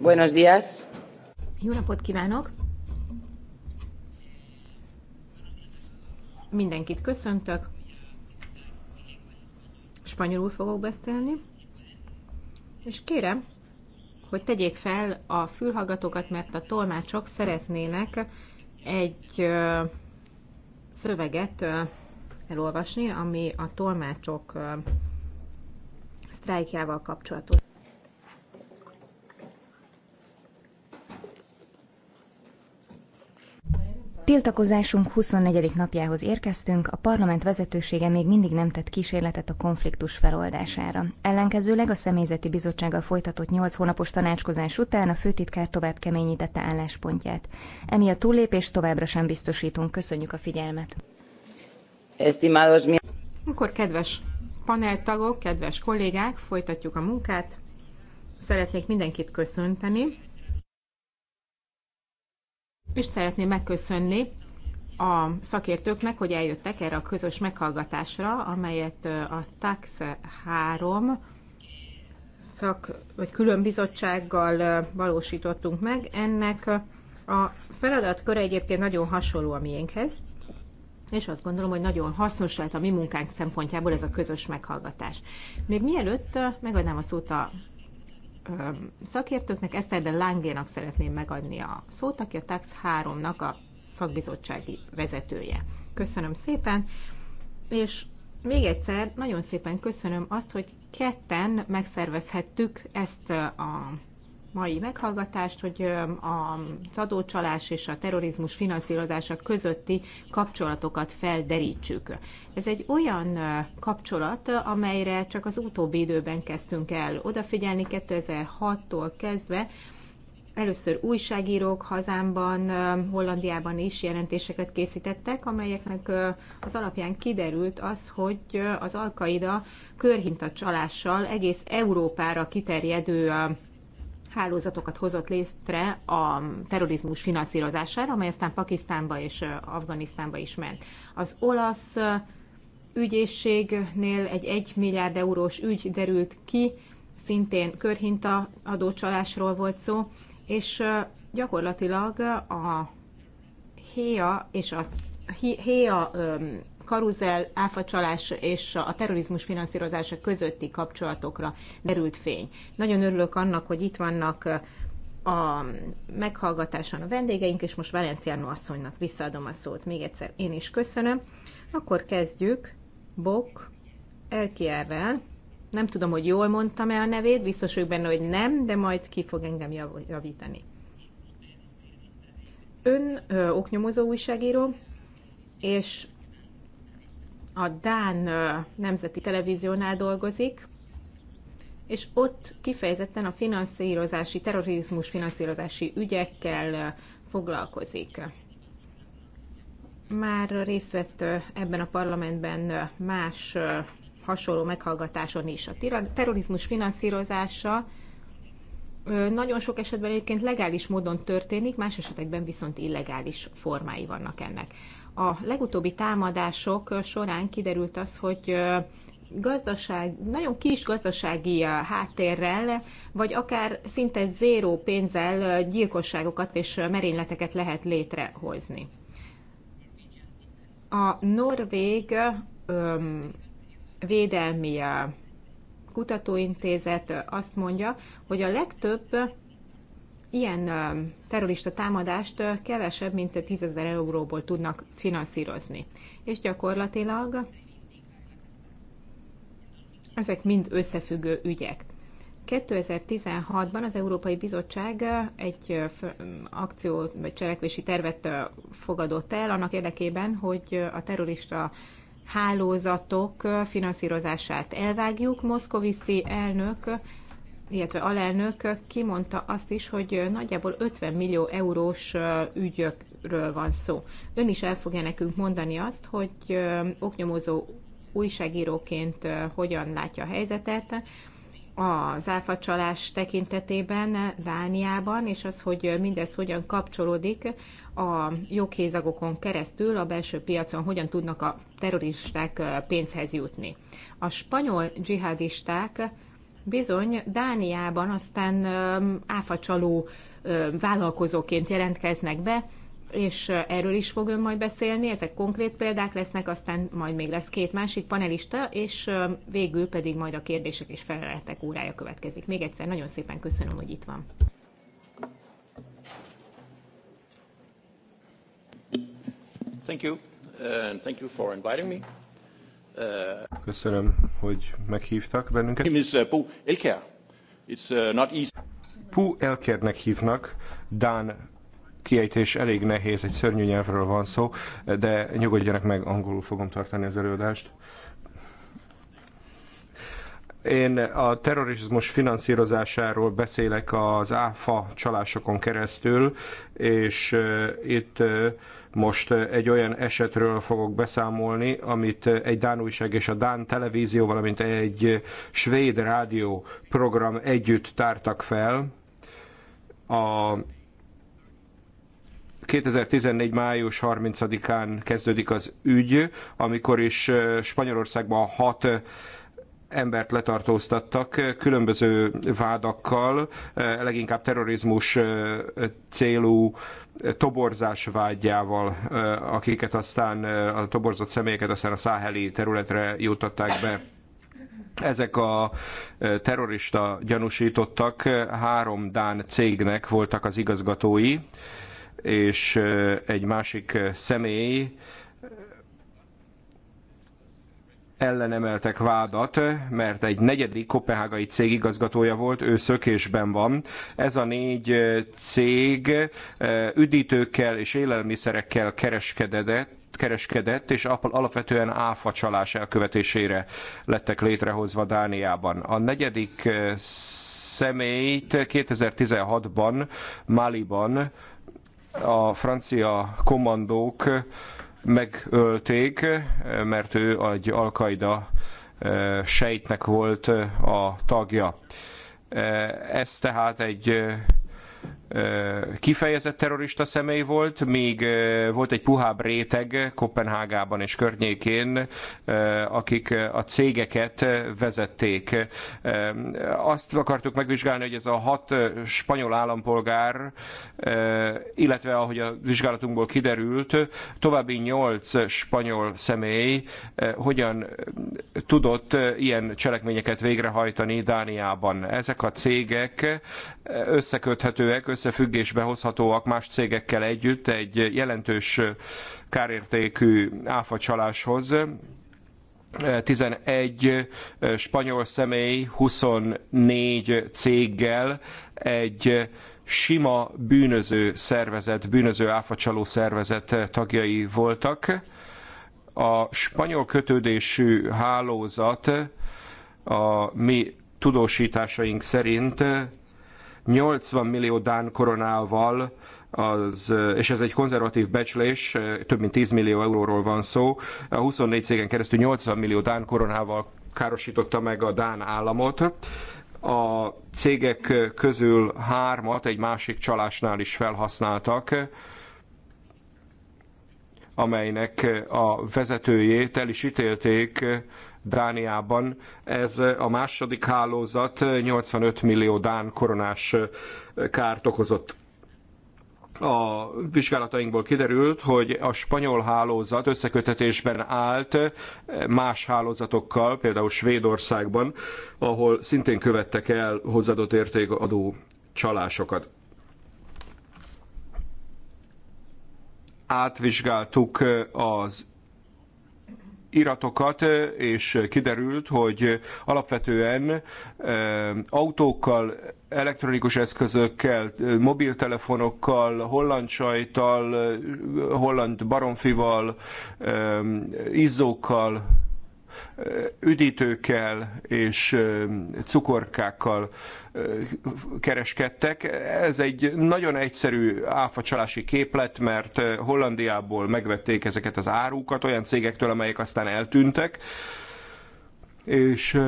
Buenos días. Jó napot kívánok! Mindenkit köszöntök. Spanyolul fogok beszélni. És kérem, hogy tegyék fel a fülhallgatókat, mert a tolmácsok szeretnének egy szöveget elolvasni, ami a tolmácsok sztrájkjával kapcsolatos. Tiltakozásunk 24. napjához érkeztünk, a parlament vezetősége még mindig nem tett kísérletet a konfliktus feloldására. Ellenkezőleg a személyzeti bizottsággal folytatott 8 hónapos tanácskozás után a főtitkár tovább keményítette álláspontját. Emi a túllépés továbbra sem biztosítunk. Köszönjük a figyelmet. Estimados mi... Akkor kedves paneltagok, kedves kollégák, folytatjuk a munkát. Szeretnék mindenkit köszönteni és szeretném megköszönni a szakértőknek, hogy eljöttek erre a közös meghallgatásra, amelyet a TAX 3 szak, vagy bizottsággal valósítottunk meg. Ennek a feladatköre egyébként nagyon hasonló a miénkhez, és azt gondolom, hogy nagyon hasznos lehet a mi munkánk szempontjából ez a közös meghallgatás. Még mielőtt megadnám a szót a szakértőknek, ezt de Lángénak szeretném megadni a szót, aki a TAX 3-nak a szakbizottsági vezetője. Köszönöm szépen, és még egyszer nagyon szépen köszönöm azt, hogy ketten megszervezhettük ezt a mai meghallgatást, hogy a adócsalás és a terrorizmus finanszírozása közötti kapcsolatokat felderítsük. Ez egy olyan kapcsolat, amelyre csak az utóbbi időben kezdtünk el odafigyelni 2006-tól kezdve, Először újságírók hazámban, Hollandiában is jelentéseket készítettek, amelyeknek az alapján kiderült az, hogy az Alkaida körhinta csalással egész Európára kiterjedő hálózatokat hozott létre a terrorizmus finanszírozására, amely aztán Pakisztánba és Afganisztánba is ment. Az olasz ügyészségnél egy 1 milliárd eurós ügy derült ki, szintén körhinta adócsalásról volt szó, és gyakorlatilag a Hea és a Hea karuzel, áfacsalás és a terrorizmus finanszírozása közötti kapcsolatokra derült fény. Nagyon örülök annak, hogy itt vannak a meghallgatáson a vendégeink, és most Valenciano asszonynak visszaadom a szót. Még egyszer én is köszönöm. Akkor kezdjük Bok Elkierrel. Nem tudom, hogy jól mondtam-e a nevét, biztos vagyok benne, hogy nem, de majd ki fog engem javítani. Ön ö, oknyomozó újságíró, és a Dán Nemzeti Televíziónál dolgozik, és ott kifejezetten a finanszírozási, terrorizmus finanszírozási ügyekkel foglalkozik. Már részt vett ebben a parlamentben más hasonló meghallgatáson is. A terrorizmus finanszírozása nagyon sok esetben egyébként legális módon történik, más esetekben viszont illegális formái vannak ennek. A legutóbbi támadások során kiderült az, hogy gazdaság, nagyon kis gazdasági háttérrel, vagy akár szinte zéró pénzzel gyilkosságokat és merényleteket lehet létrehozni. A norvég öm, védelmi Kutatóintézet azt mondja, hogy a legtöbb ilyen terrorista támadást kevesebb, mint 10 ezer euróból tudnak finanszírozni. És gyakorlatilag ezek mind összefüggő ügyek. 2016-ban az Európai Bizottság egy akció vagy cselekvési tervet fogadott el annak érdekében, hogy a terrorista hálózatok finanszírozását elvágjuk. Moszkoviszi elnök, illetve alelnök kimondta azt is, hogy nagyjából 50 millió eurós ügyökről van szó. Ön is el fogja nekünk mondani azt, hogy oknyomozó újságíróként hogyan látja a helyzetet, az áfacsalás tekintetében Dániában, és az, hogy mindez hogyan kapcsolódik a joghézagokon keresztül a belső piacon, hogyan tudnak a terroristák pénzhez jutni. A spanyol dzsihadisták bizony Dániában aztán áfacsaló vállalkozóként jelentkeznek be, és erről is fog ön majd beszélni, ezek konkrét példák lesznek, aztán majd még lesz két másik panelista, és végül pedig majd a kérdések és feleletek órája következik. Még egyszer nagyon szépen köszönöm, hogy itt van. Thank you, and thank you for inviting me. Uh, köszönöm, hogy meghívtak bennünket. My name is uh, Elker. It's uh, not easy. Pú Elkernek hívnak, Dán kiejtés elég nehéz, egy szörnyű nyelvről van szó, de nyugodjanak meg, angolul fogom tartani az előadást. Én a terrorizmus finanszírozásáról beszélek az ÁFA csalásokon keresztül, és itt most egy olyan esetről fogok beszámolni, amit egy Dán újság és a Dán televízió, valamint egy svéd rádió program együtt tártak fel. A 2014. május 30-án kezdődik az ügy, amikor is Spanyolországban hat embert letartóztattak különböző vádakkal, leginkább terrorizmus célú toborzás vágyával, akiket aztán a toborzott személyeket aztán a száheli területre jutották be. Ezek a terrorista gyanúsítottak három Dán cégnek voltak az igazgatói, és egy másik személy ellenemeltek vádat, mert egy negyedik kopenhágai cég igazgatója volt, ő szökésben van. Ez a négy cég üdítőkkel és élelmiszerekkel kereskedett, kereskedett, és alapvetően áfa csalás elkövetésére lettek létrehozva Dániában. A negyedik személyt 2016-ban Maliban a francia kommandók megölték, mert ő egy alkaida eh, sejtnek volt eh, a tagja. Eh, ez tehát egy kifejezett terrorista személy volt, míg volt egy puhább réteg Kopenhágában és környékén, akik a cégeket vezették. Azt akartuk megvizsgálni, hogy ez a hat spanyol állampolgár, illetve ahogy a vizsgálatunkból kiderült, további nyolc spanyol személy hogyan tudott ilyen cselekményeket végrehajtani Dániában. Ezek a cégek összeköthető érthetőek, összefüggésbe hozhatóak más cégekkel együtt egy jelentős kárértékű áfacsaláshoz. 11 spanyol személy 24 céggel egy sima bűnöző szervezet, bűnöző áfacsaló szervezet tagjai voltak. A spanyol kötődésű hálózat a mi tudósításaink szerint 80 millió Dán koronával, az, és ez egy konzervatív becslés, több mint 10 millió euróról van szó, a 24 cégen keresztül 80 millió Dán koronával károsította meg a Dán államot. A cégek közül hármat egy másik csalásnál is felhasználtak, amelynek a vezetőjét el is ítélték Dániában. Ez a második hálózat 85 millió Dán koronás kárt okozott a vizsgálatainkból kiderült, hogy a spanyol hálózat összekötetésben állt más hálózatokkal, például Svédországban, ahol szintén követtek el hozzáadott értékadó csalásokat. Átvizsgáltuk az iratokat, és kiderült, hogy alapvetően autókkal, elektronikus eszközökkel, mobiltelefonokkal, holland sajtal, holland baromfival, izzókkal, üdítőkkel és cukorkákkal kereskedtek. Ez egy nagyon egyszerű áfacsalási képlet, mert Hollandiából megvették ezeket az árukat olyan cégektől, amelyek aztán eltűntek, és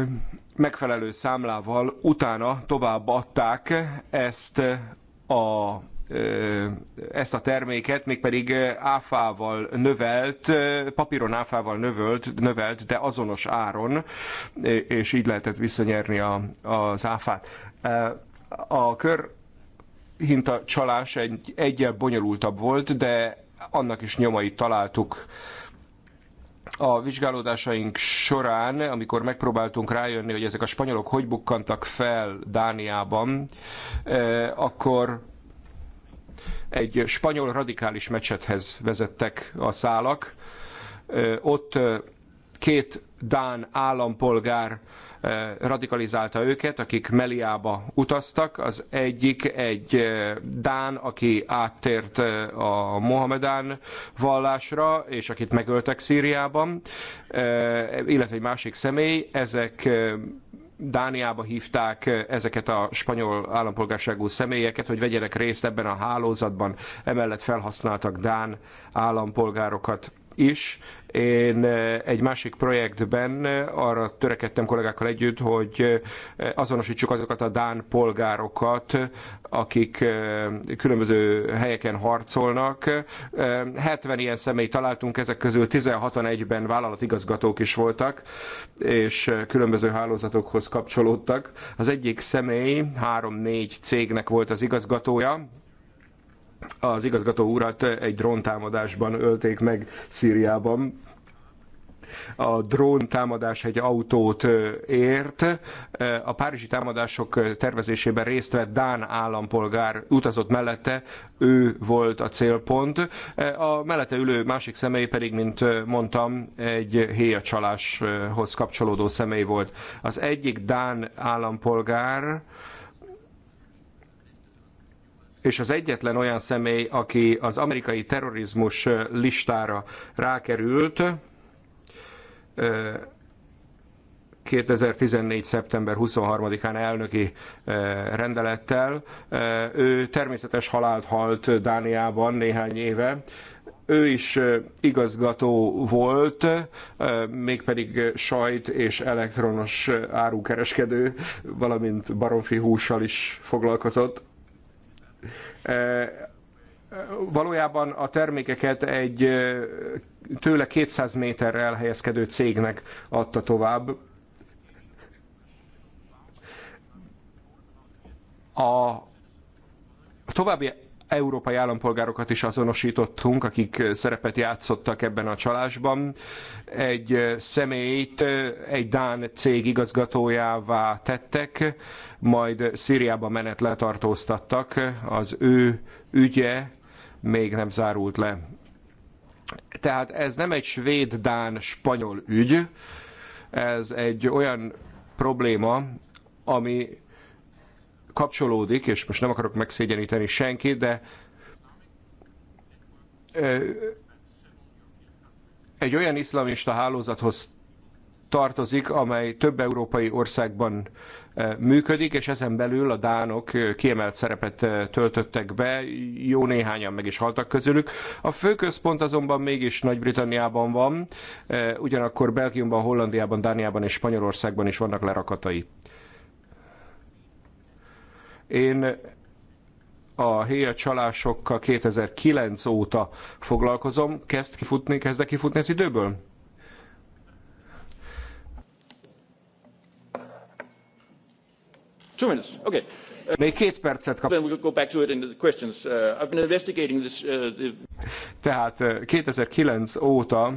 megfelelő számlával utána adták ezt a ezt a terméket, mégpedig áfával növelt, papíron áfával növelt, növelt, de azonos áron, és így lehetett visszanyerni a, az áfát. A körhinta csalás egy, egyel bonyolultabb volt, de annak is nyomait találtuk a vizsgálódásaink során, amikor megpróbáltunk rájönni, hogy ezek a spanyolok hogy bukkantak fel Dániában, e, akkor egy spanyol radikális mecsethez vezettek a szálak. E, ott e, két dán állampolgár radikalizálta őket, akik Meliába utaztak. Az egyik egy Dán, aki áttért a Mohamedán vallásra, és akit megöltek Szíriában, illetve egy másik személy. Ezek Dániába hívták ezeket a spanyol állampolgárságú személyeket, hogy vegyenek részt ebben a hálózatban. Emellett felhasználtak Dán állampolgárokat is. Én eh, egy másik projektben eh, arra törekedtem kollégákkal együtt, hogy eh, azonosítsuk azokat a Dán polgárokat, akik különböző helyeken harcolnak. 70 ilyen személy találtunk, ezek közül 16-an egyben vállalatigazgatók is voltak, és különböző hálózatokhoz kapcsolódtak. Az egyik személy 3-4 cégnek volt az igazgatója, az igazgató urat egy dróntámadásban ölték meg Szíriában. A drón támadás egy autót ért. A párizsi támadások tervezésében részt vett Dán állampolgár utazott mellette, ő volt a célpont. A mellette ülő másik személy pedig, mint mondtam, egy héjacsaláshoz kapcsolódó személy volt. Az egyik Dán állampolgár és az egyetlen olyan személy, aki az amerikai terrorizmus listára rákerült, 2014. szeptember 23-án elnöki rendelettel. Ő természetes halált halt Dániában néhány éve. Ő is igazgató volt, mégpedig sajt és elektronos árukereskedő, valamint baromfi hússal is foglalkozott valójában a termékeket egy tőle 200 méterre elhelyezkedő cégnek adta tovább. A további európai állampolgárokat is azonosítottunk, akik szerepet játszottak ebben a csalásban. Egy személyt egy Dán cég igazgatójává tettek, majd Szíriába menet letartóztattak. Az ő ügye még nem zárult le. Tehát ez nem egy svéd-dán-spanyol ügy, ez egy olyan probléma, ami kapcsolódik, és most nem akarok megszégyeníteni senkit, de egy olyan iszlamista hálózathoz tartozik, amely több európai országban működik, és ezen belül a dánok kiemelt szerepet töltöttek be, jó néhányan meg is haltak közülük. A fő központ azonban mégis Nagy-Britanniában van, ugyanakkor Belgiumban, Hollandiában, Dániában és Spanyolországban is vannak lerakatai. Én a héja csalásokkal 2009 óta foglalkozom. Kezd kifutni, kezdek kifutni az időből? Two minutes. Okay. Még két percet kap. Then we'll go back to it in the questions. Uh, I've been investigating this. Uh, the... Tehát 2009 uh, óta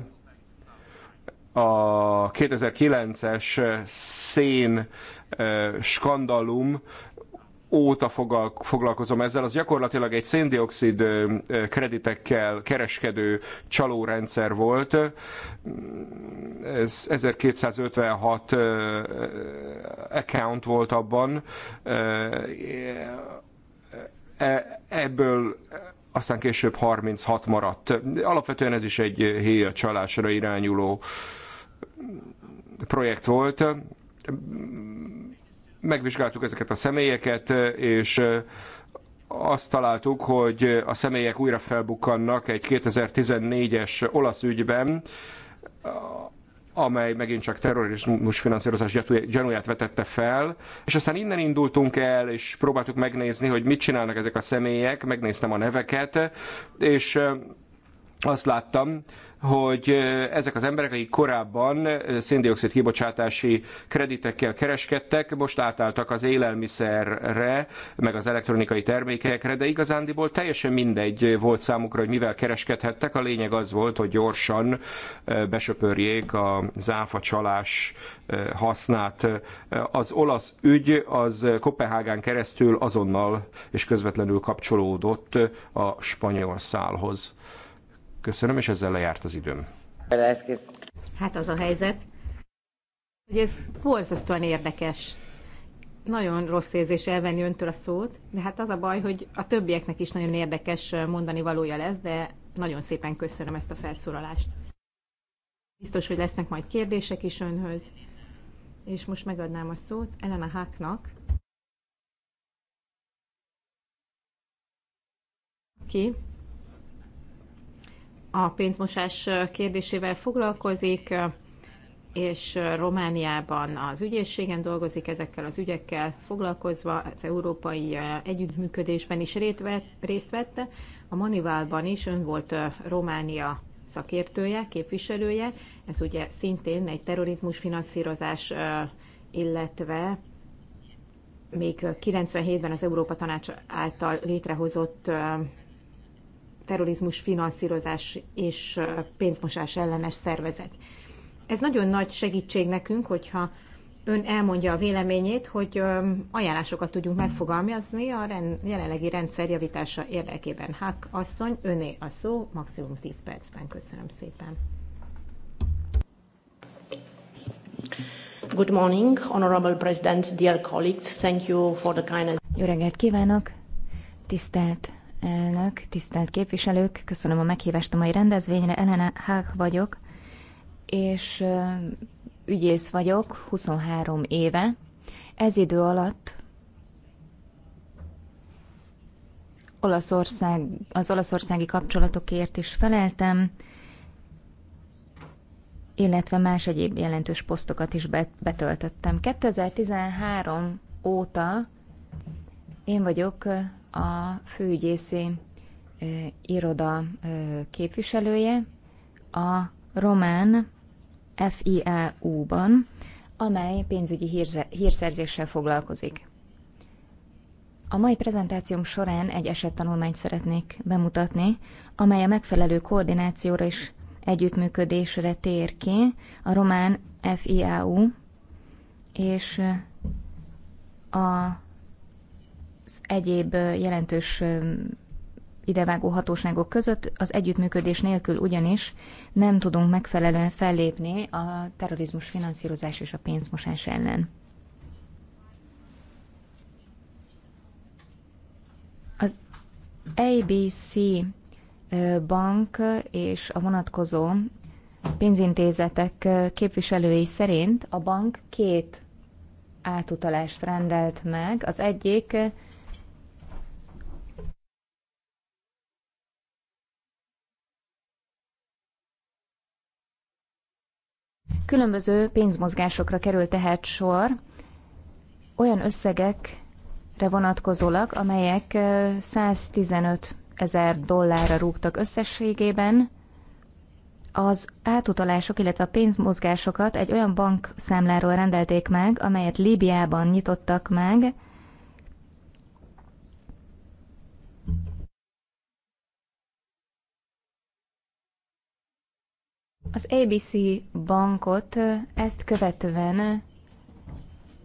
a 2009-es uh, szén uh, skandalum óta foglalkozom ezzel, az gyakorlatilag egy széndiokszid kreditekkel kereskedő csalórendszer volt. Ez 1256 account volt abban. E, e, ebből aztán később 36 maradt. Alapvetően ez is egy héja csalásra irányuló projekt volt Megvizsgáltuk ezeket a személyeket, és azt találtuk, hogy a személyek újra felbukkannak egy 2014-es olasz ügyben, amely megint csak terrorizmus finanszírozás gyanúját vetette fel, és aztán innen indultunk el, és próbáltuk megnézni, hogy mit csinálnak ezek a személyek, megnéztem a neveket, és azt láttam, hogy ezek az emberek, akik korábban széndiokszid kibocsátási kreditekkel kereskedtek, most átálltak az élelmiszerre, meg az elektronikai termékekre, de igazándiból teljesen mindegy volt számukra, hogy mivel kereskedhettek. A lényeg az volt, hogy gyorsan besöpörjék a záfa csalás hasznát. Az olasz ügy az Kopenhágán keresztül azonnal és közvetlenül kapcsolódott a spanyol szálhoz. Köszönöm, és ezzel lejárt az időm. Hát az a helyzet, hogy ez borzasztóan érdekes. Nagyon rossz érzés elvenni öntől a szót, de hát az a baj, hogy a többieknek is nagyon érdekes mondani valója lesz, de nagyon szépen köszönöm ezt a felszólalást. Biztos, hogy lesznek majd kérdések is önhöz, és most megadnám a szót Elena Háknak, aki a pénzmosás kérdésével foglalkozik, és Romániában az ügyészségen dolgozik ezekkel az ügyekkel foglalkozva, az európai együttműködésben is részt vette, a manivalban is ön volt Románia szakértője, képviselője, ez ugye szintén egy terrorizmus finanszírozás, illetve még 97-ben az Európa Tanács által létrehozott terrorizmus finanszírozás és pénzmosás ellenes szervezet. Ez nagyon nagy segítség nekünk, hogyha ön elmondja a véleményét, hogy ajánlásokat tudjunk megfogalmazni a jelenlegi rendszer javítása érdekében. Hák asszony, öné a szó, maximum 10 percben. Köszönöm szépen. Good morning, honorable president, dear colleagues. Thank you for the kindness. Jó reggelt kívánok, tisztelt elnök, tisztelt képviselők, köszönöm a meghívást a mai rendezvényre. Elena Hák vagyok, és ügyész vagyok, 23 éve. Ez idő alatt Olaszország, az olaszországi kapcsolatokért is feleltem, illetve más egyéb jelentős posztokat is betöltöttem. 2013 óta én vagyok a főügyészi iroda képviselője a román FIEU-ban, amely pénzügyi hírszerzéssel foglalkozik. A mai prezentációm során egy esettanulmányt szeretnék bemutatni, amely a megfelelő koordinációra és együttműködésre tér ki a román FIAU e és a az egyéb jelentős idevágó hatóságok között, az együttműködés nélkül ugyanis nem tudunk megfelelően fellépni a terrorizmus finanszírozás és a pénzmosás ellen. Az ABC bank és a vonatkozó pénzintézetek képviselői szerint a bank két átutalást rendelt meg. Az egyik Különböző pénzmozgásokra kerül tehát sor, olyan összegekre vonatkozólag, amelyek 115 ezer dollárra rúgtak összességében, az átutalások, illetve a pénzmozgásokat egy olyan bankszámláról rendelték meg, amelyet Líbiában nyitottak meg, Az ABC bankot ezt követően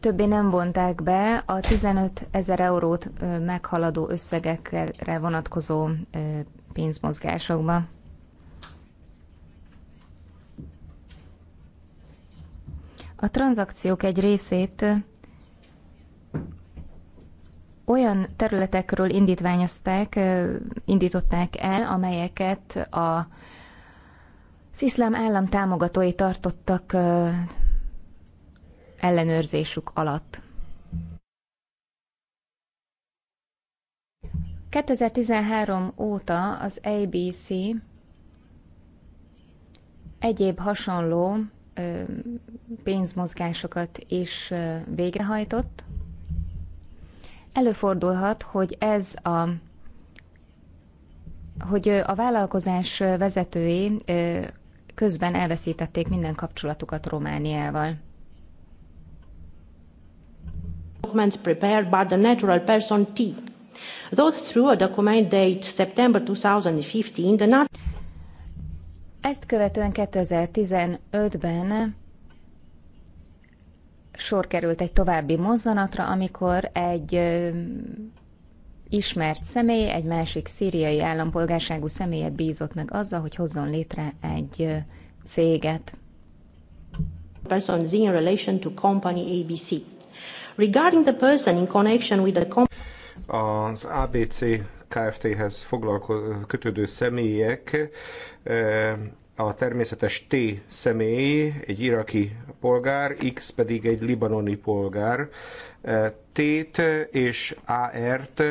többé nem vonták be a 15 ezer eurót meghaladó összegekre vonatkozó pénzmozgásokba. A tranzakciók egy részét olyan területekről indítványozták, indították el, amelyeket a az iszlám állam támogatói tartottak ellenőrzésük alatt. 2013 óta az ABC egyéb hasonló pénzmozgásokat is végrehajtott. Előfordulhat, hogy ez a hogy a vállalkozás vezetői közben elveszítették minden kapcsolatukat Romániával. Documents prepared by the natural person T. Though through a document date September 2015, the Ezt követően 2015-ben sor került egy további mozzanatra, amikor egy ismert személy egy másik szíriai állampolgárságú személyet bízott meg azzal, hogy hozzon létre egy céget. ABC. Az ABC Kft-hez kötődő személyek a természetes T személy, egy iraki polgár, X pedig egy libanoni polgár, T-t és AR-t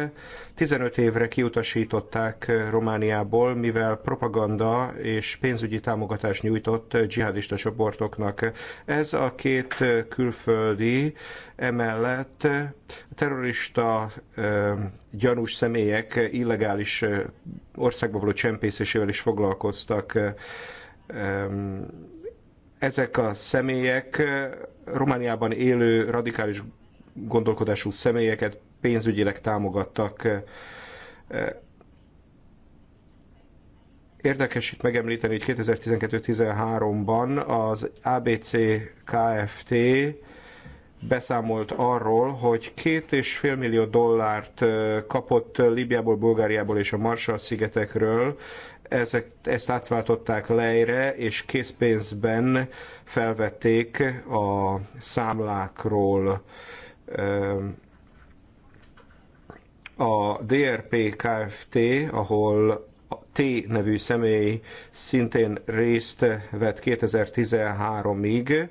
15 évre kiutasították Romániából, mivel propaganda és pénzügyi támogatást nyújtott dzsihadista csoportoknak. Ez a két külföldi emellett terrorista gyanús személyek illegális országba való csempészésével is foglalkoztak ezek a személyek Romániában élő radikális gondolkodású személyeket pénzügyileg támogattak. Érdekes itt megemlíteni, hogy 2012-13-ban az ABC KFT beszámolt arról, hogy két és fél millió dollárt kapott Libiából, Bulgáriából és a Marshall-szigetekről, ezek, ezt átváltották lejre, és készpénzben felvették a számlákról a DRP Kft., ahol T nevű személy szintén részt vett 2013-ig,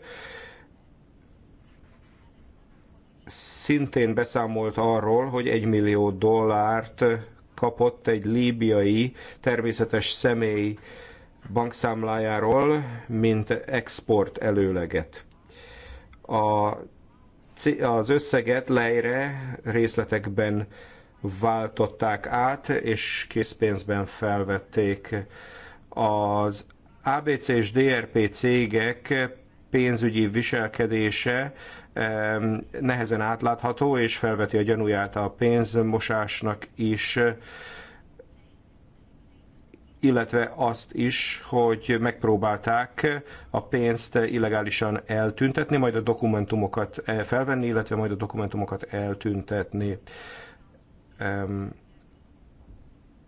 szintén beszámolt arról, hogy 1 millió dollárt kapott egy líbiai természetes személy bankszámlájáról, mint export előleget. A az összeget lejre részletekben váltották át, és készpénzben felvették. Az ABC és DRP cégek pénzügyi viselkedése nehezen átlátható, és felveti a gyanúját a pénzmosásnak is illetve azt is, hogy megpróbálták a pénzt illegálisan eltüntetni, majd a dokumentumokat felvenni, illetve majd a dokumentumokat eltüntetni.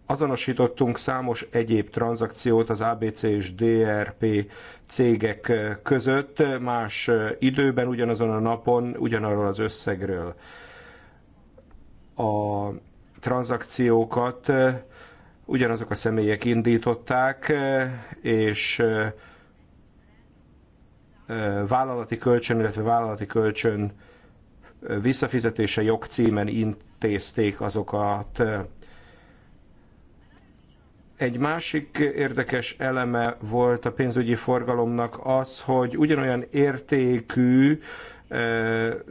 Azonosítottunk számos egyéb tranzakciót az ABC és DRP cégek között, más időben, ugyanazon a napon, ugyanarról az összegről. A tranzakciókat ugyanazok a személyek indították, e, és e, e, vállalati kölcsön, illetve vállalati kölcsön visszafizetése jogcímen intézték azokat. Egy másik érdekes eleme volt a pénzügyi forgalomnak az, hogy ugyanolyan értékű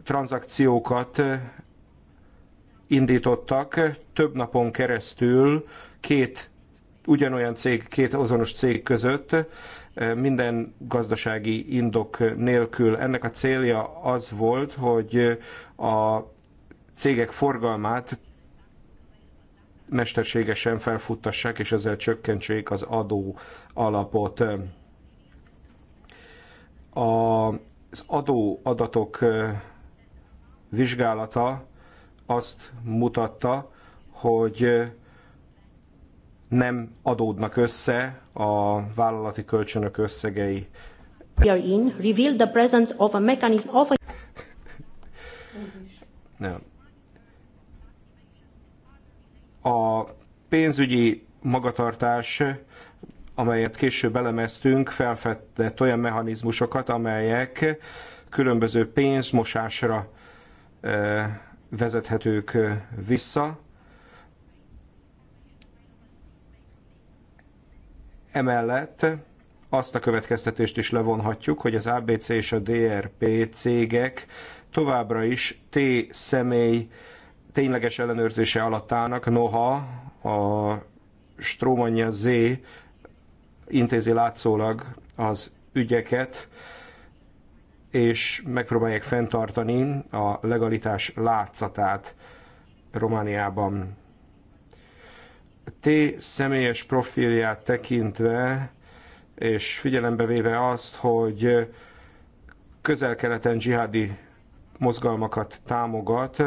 tranzakciókat indítottak több napon keresztül két ugyanolyan cég, két azonos cég között eh, minden gazdasági indok nélkül. Ennek a célja az volt, hogy a cégek forgalmát mesterségesen felfuttassák, és ezzel csökkentsék az adó alapot. Az adó adatok eh, vizsgálata azt mutatta, hogy eh, nem adódnak össze a vállalati kölcsönök összegei. a A pénzügyi magatartás, amelyet később elemeztünk, felfedett olyan mechanizmusokat, amelyek különböző pénzmosásra eh, vezethetők eh, vissza Emellett azt a következtetést is levonhatjuk, hogy az ABC és a DRP cégek továbbra is T személy tényleges ellenőrzése alatt állnak, noha a Strómanja Z intézi látszólag az ügyeket, és megpróbálják fenntartani a legalitás látszatát Romániában. T személyes profilját tekintve, és figyelembe véve azt, hogy közel-keleten dzsihádi mozgalmakat támogat,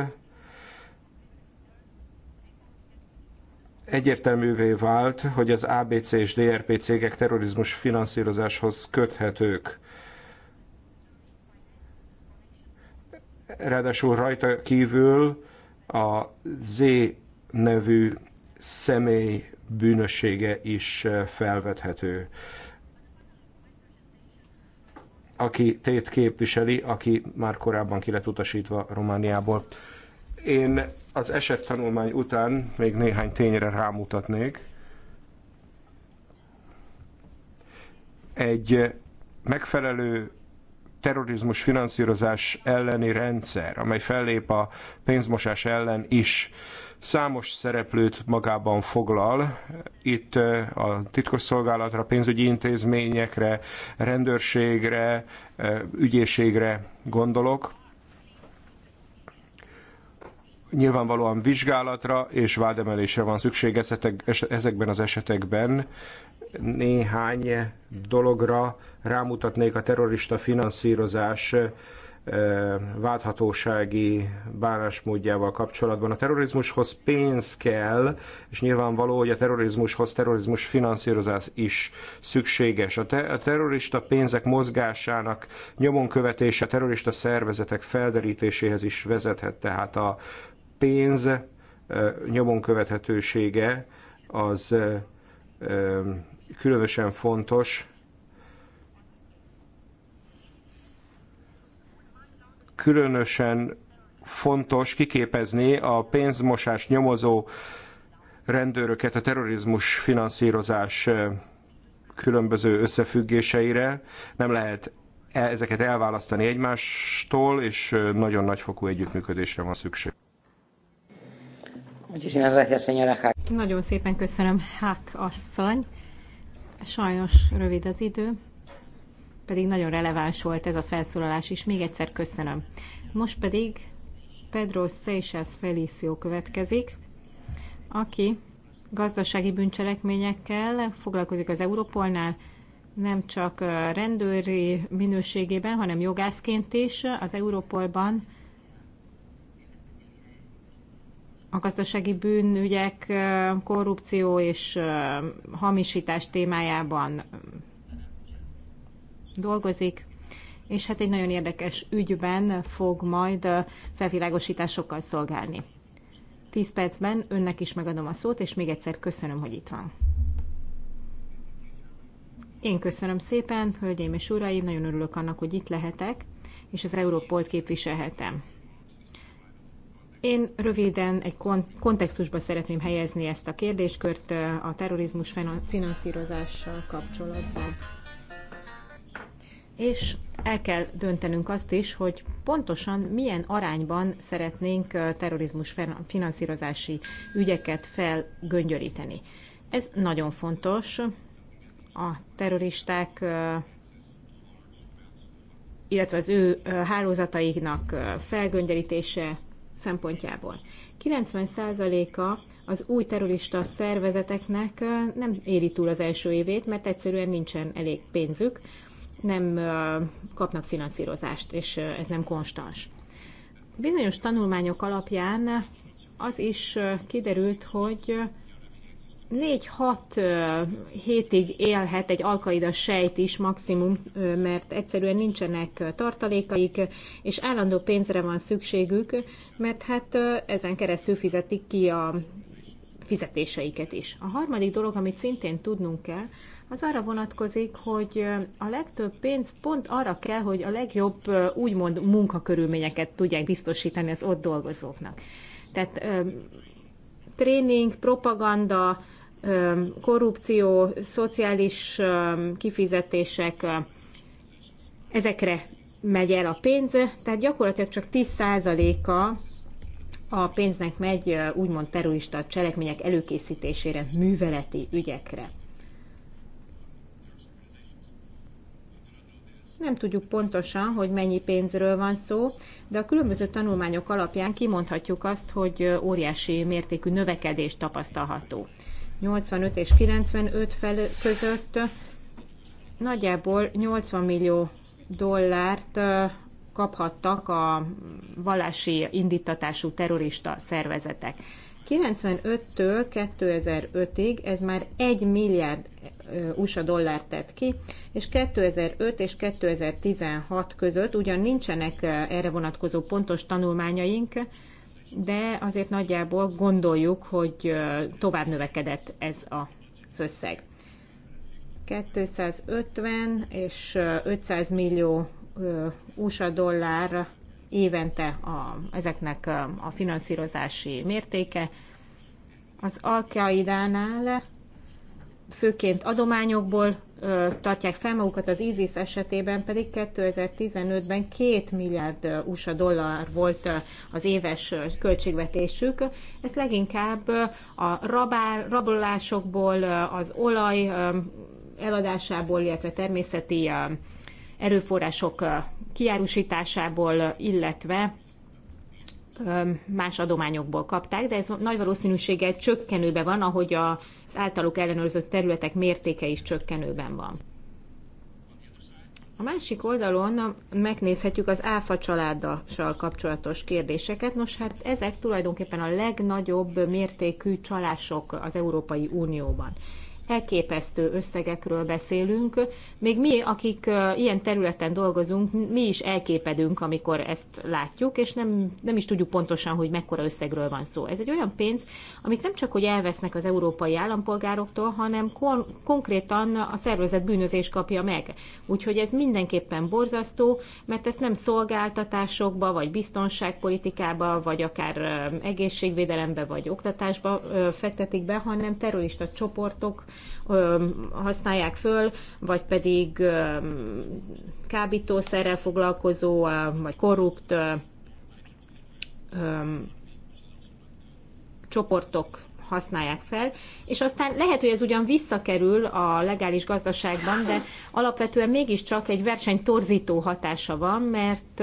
egyértelművé vált, hogy az ABC és DRP cégek terrorizmus finanszírozáshoz köthetők. Ráadásul rajta kívül a Z nevű személy bűnössége is eh, felvethető. Aki tét képviseli, aki már korábban ki lett utasítva Romániából. Én az esettanulmány után még néhány tényre rámutatnék. Egy eh, megfelelő terrorizmus finanszírozás elleni rendszer, amely fellép a pénzmosás ellen is számos szereplőt magában foglal. Itt a titkosszolgálatra, pénzügyi intézményekre, rendőrségre, ügyészségre gondolok. Nyilvánvalóan vizsgálatra és vádemelésre van szükség ezekben az esetekben. Néhány dologra rámutatnék a terrorista finanszírozás válthatósági bánásmódjával kapcsolatban. A terrorizmushoz pénz kell, és nyilvánvaló, hogy a terrorizmushoz terrorizmus finanszírozás is szükséges. A, te- a terrorista pénzek mozgásának nyomon követése terrorista szervezetek felderítéséhez is vezethet, tehát a pénz nyomon követhetősége az különösen fontos, különösen fontos kiképezni a pénzmosás nyomozó rendőröket a terrorizmus finanszírozás különböző összefüggéseire. Nem lehet e- ezeket elválasztani egymástól, és nagyon nagyfokú együttműködésre van szükség. Nagyon szépen köszönöm, Hák asszony. Sajnos rövid az idő pedig nagyon releváns volt ez a felszólalás is. Még egyszer köszönöm. Most pedig Pedro Seixas Felicio következik, aki gazdasági bűncselekményekkel foglalkozik az Európolnál, nem csak rendőri minőségében, hanem jogászként is az Európolban a gazdasági bűnügyek, korrupció és hamisítás témájában dolgozik, és hát egy nagyon érdekes ügyben fog majd felvilágosításokkal szolgálni. Tíz percben önnek is megadom a szót, és még egyszer köszönöm, hogy itt van. Én köszönöm szépen, hölgyeim és uraim, nagyon örülök annak, hogy itt lehetek, és az Európolt képviselhetem. Én röviden egy kontextusba szeretném helyezni ezt a kérdéskört a terrorizmus finanszírozással kapcsolatban és el kell döntenünk azt is, hogy pontosan milyen arányban szeretnénk terrorizmus finanszírozási ügyeket felgöngyöríteni. Ez nagyon fontos. A terroristák, illetve az ő hálózataiknak felgöngyörítése szempontjából. 90%-a az új terrorista szervezeteknek nem éri túl az első évét, mert egyszerűen nincsen elég pénzük, nem kapnak finanszírozást, és ez nem konstans. Bizonyos tanulmányok alapján az is kiderült, hogy 4-6 hétig élhet egy alkaida sejt is maximum, mert egyszerűen nincsenek tartalékaik, és állandó pénzre van szükségük, mert hát ezen keresztül fizetik ki a fizetéseiket is. A harmadik dolog, amit szintén tudnunk kell, az arra vonatkozik, hogy a legtöbb pénz pont arra kell, hogy a legjobb úgymond munkakörülményeket tudják biztosítani az ott dolgozóknak. Tehát tréning, propaganda, korrupció, szociális kifizetések, ezekre megy el a pénz, tehát gyakorlatilag csak 10%-a a pénznek megy úgymond terrorista cselekmények előkészítésére, műveleti ügyekre. Nem tudjuk pontosan, hogy mennyi pénzről van szó, de a különböző tanulmányok alapján kimondhatjuk azt, hogy óriási mértékű növekedés tapasztalható. 85 és 95 fel között nagyjából 80 millió dollárt kaphattak a vallási indítatású terrorista szervezetek. 95-től 2005-ig ez már 1 milliárd USA dollárt tett ki, és 2005 és 2016 között ugyan nincsenek erre vonatkozó pontos tanulmányaink, de azért nagyjából gondoljuk, hogy tovább növekedett ez az összeg. 250 és 500 millió USA dollár évente a, ezeknek a finanszírozási mértéke. Az Al-Qaidánál főként adományokból tartják fel magukat, az ISIS esetében pedig 2015-ben 2 milliárd USA dollár volt az éves költségvetésük. Ezt leginkább a rabolásokból, az olaj eladásából, illetve természeti erőforrások kiárusításából, illetve más adományokból kapták, de ez nagy valószínűséggel csökkenőben van, ahogy az általuk ellenőrzött területek mértéke is csökkenőben van. A másik oldalon megnézhetjük az áfa családdal kapcsolatos kérdéseket. Nos, hát ezek tulajdonképpen a legnagyobb mértékű csalások az Európai Unióban elképesztő összegekről beszélünk. Még mi, akik ilyen területen dolgozunk, mi is elképedünk, amikor ezt látjuk, és nem, nem is tudjuk pontosan, hogy mekkora összegről van szó. Ez egy olyan pénz, amit nem csak, hogy elvesznek az európai állampolgároktól, hanem kon- konkrétan a szervezet bűnözés kapja meg. Úgyhogy ez mindenképpen borzasztó, mert ezt nem szolgáltatásokba, vagy biztonságpolitikába, vagy akár egészségvédelembe, vagy oktatásba fektetik be, hanem terrorista csoportok használják föl, vagy pedig kábítószerrel foglalkozó, vagy korrupt csoportok használják fel, és aztán lehet, hogy ez ugyan visszakerül a legális gazdaságban, de alapvetően mégiscsak egy versenytorzító hatása van, mert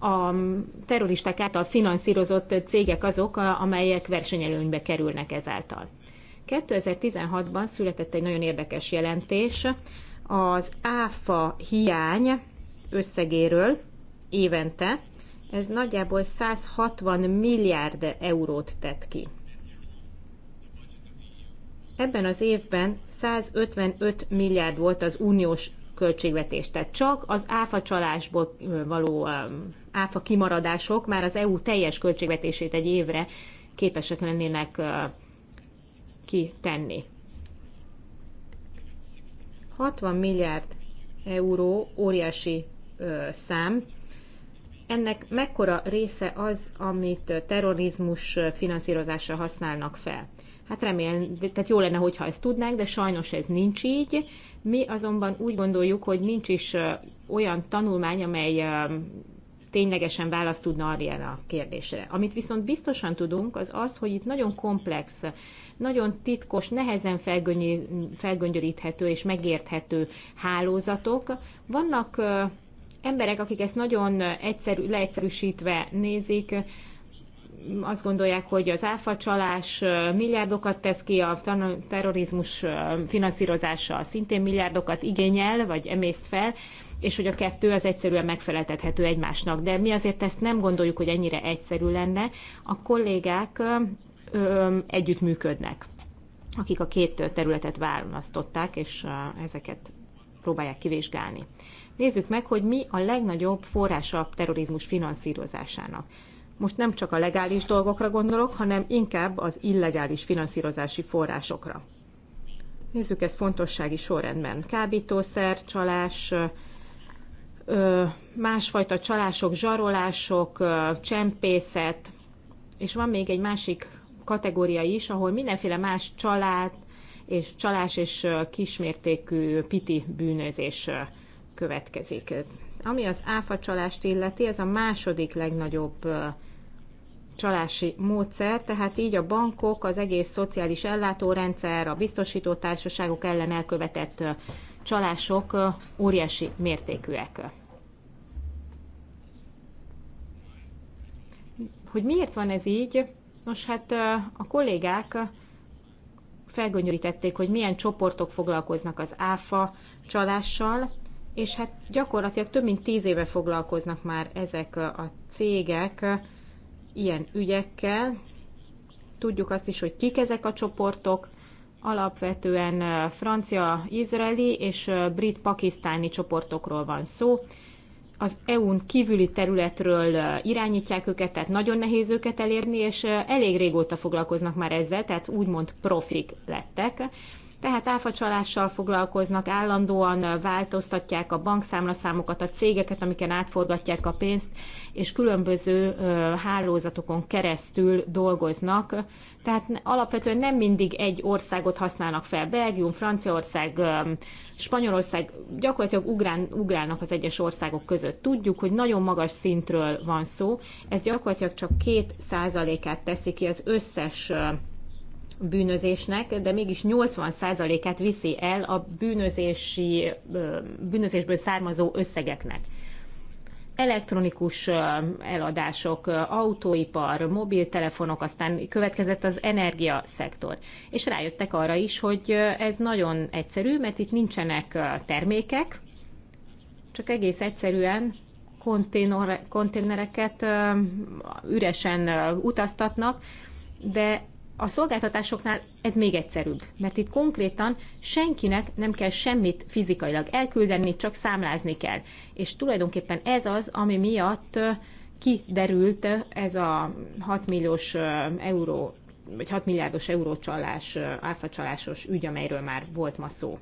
a terroristák által finanszírozott cégek azok, amelyek versenyelőnybe kerülnek ezáltal. 2016-ban született egy nagyon érdekes jelentés az áfa hiány összegéről évente. Ez nagyjából 160 milliárd eurót tett ki. Ebben az évben 155 milliárd volt az uniós költségvetés. Tehát csak az áfa csalásból való áfa kimaradások már az EU teljes költségvetését egy évre képesek lennének kitenni. 60 milliárd euró óriási ö, szám. Ennek mekkora része az, amit terrorizmus finanszírozásra használnak fel? Hát remélem, tehát jó lenne, hogyha ezt tudnánk, de sajnos ez nincs így. Mi azonban úgy gondoljuk, hogy nincs is olyan tanulmány, amely ténylegesen választ tudna adni a kérdésre. Amit viszont biztosan tudunk, az az, hogy itt nagyon komplex, nagyon titkos, nehezen felgöngyölíthető és megérthető hálózatok. Vannak emberek, akik ezt nagyon egyszerű, leegyszerűsítve nézik, azt gondolják, hogy az csalás milliárdokat tesz ki, a terrorizmus finanszírozása szintén milliárdokat igényel, vagy emészt fel, és hogy a kettő az egyszerűen megfeleltethető egymásnak. De mi azért ezt nem gondoljuk, hogy ennyire egyszerű lenne. A kollégák ö, együttműködnek, akik a két területet választották, és ezeket próbálják kivizsgálni. Nézzük meg, hogy mi a legnagyobb forrása a terrorizmus finanszírozásának. Most nem csak a legális dolgokra gondolok, hanem inkább az illegális finanszírozási forrásokra. Nézzük ezt fontossági sorrendben. Kábítószer, csalás, másfajta csalások, zsarolások, csempészet, és van még egy másik kategória is, ahol mindenféle más család és csalás és kismértékű piti bűnözés következik. Ami az áfa csalást illeti, ez a második legnagyobb csalási módszer, tehát így a bankok, az egész szociális ellátórendszer, a biztosítótársaságok ellen elkövetett csalások óriási mértékűek. Hogy miért van ez így? Nos, hát a kollégák felgönyörítették, hogy milyen csoportok foglalkoznak az áfa csalással, és hát gyakorlatilag több mint tíz éve foglalkoznak már ezek a cégek ilyen ügyekkel. Tudjuk azt is, hogy kik ezek a csoportok, Alapvetően francia, izraeli és brit-pakisztáni csoportokról van szó. Az EU-n kívüli területről irányítják őket, tehát nagyon nehéz őket elérni, és elég régóta foglalkoznak már ezzel, tehát úgymond profik lettek. Tehát áfacsalással foglalkoznak, állandóan változtatják a bankszámlaszámokat, a cégeket, amiken átforgatják a pénzt, és különböző hálózatokon keresztül dolgoznak. Tehát alapvetően nem mindig egy országot használnak fel, Belgium, Franciaország, Spanyolország, gyakorlatilag ugrán, ugrálnak az egyes országok között. Tudjuk, hogy nagyon magas szintről van szó, ez gyakorlatilag csak két százalékát teszi ki az összes bűnözésnek, de mégis 80%-át viszi el a bűnözési, bűnözésből származó összegeknek. Elektronikus eladások, autóipar, mobiltelefonok, aztán következett az energiaszektor. És rájöttek arra is, hogy ez nagyon egyszerű, mert itt nincsenek termékek, csak egész egyszerűen konténereket üresen utaztatnak, de a szolgáltatásoknál ez még egyszerűbb, mert itt konkrétan senkinek nem kell semmit fizikailag elküldeni, csak számlázni kell. És tulajdonképpen ez az, ami miatt kiderült ez a 6 milliós euró, vagy 6 milliárdos euró csalás, csalásos ügy, amelyről már volt ma szó.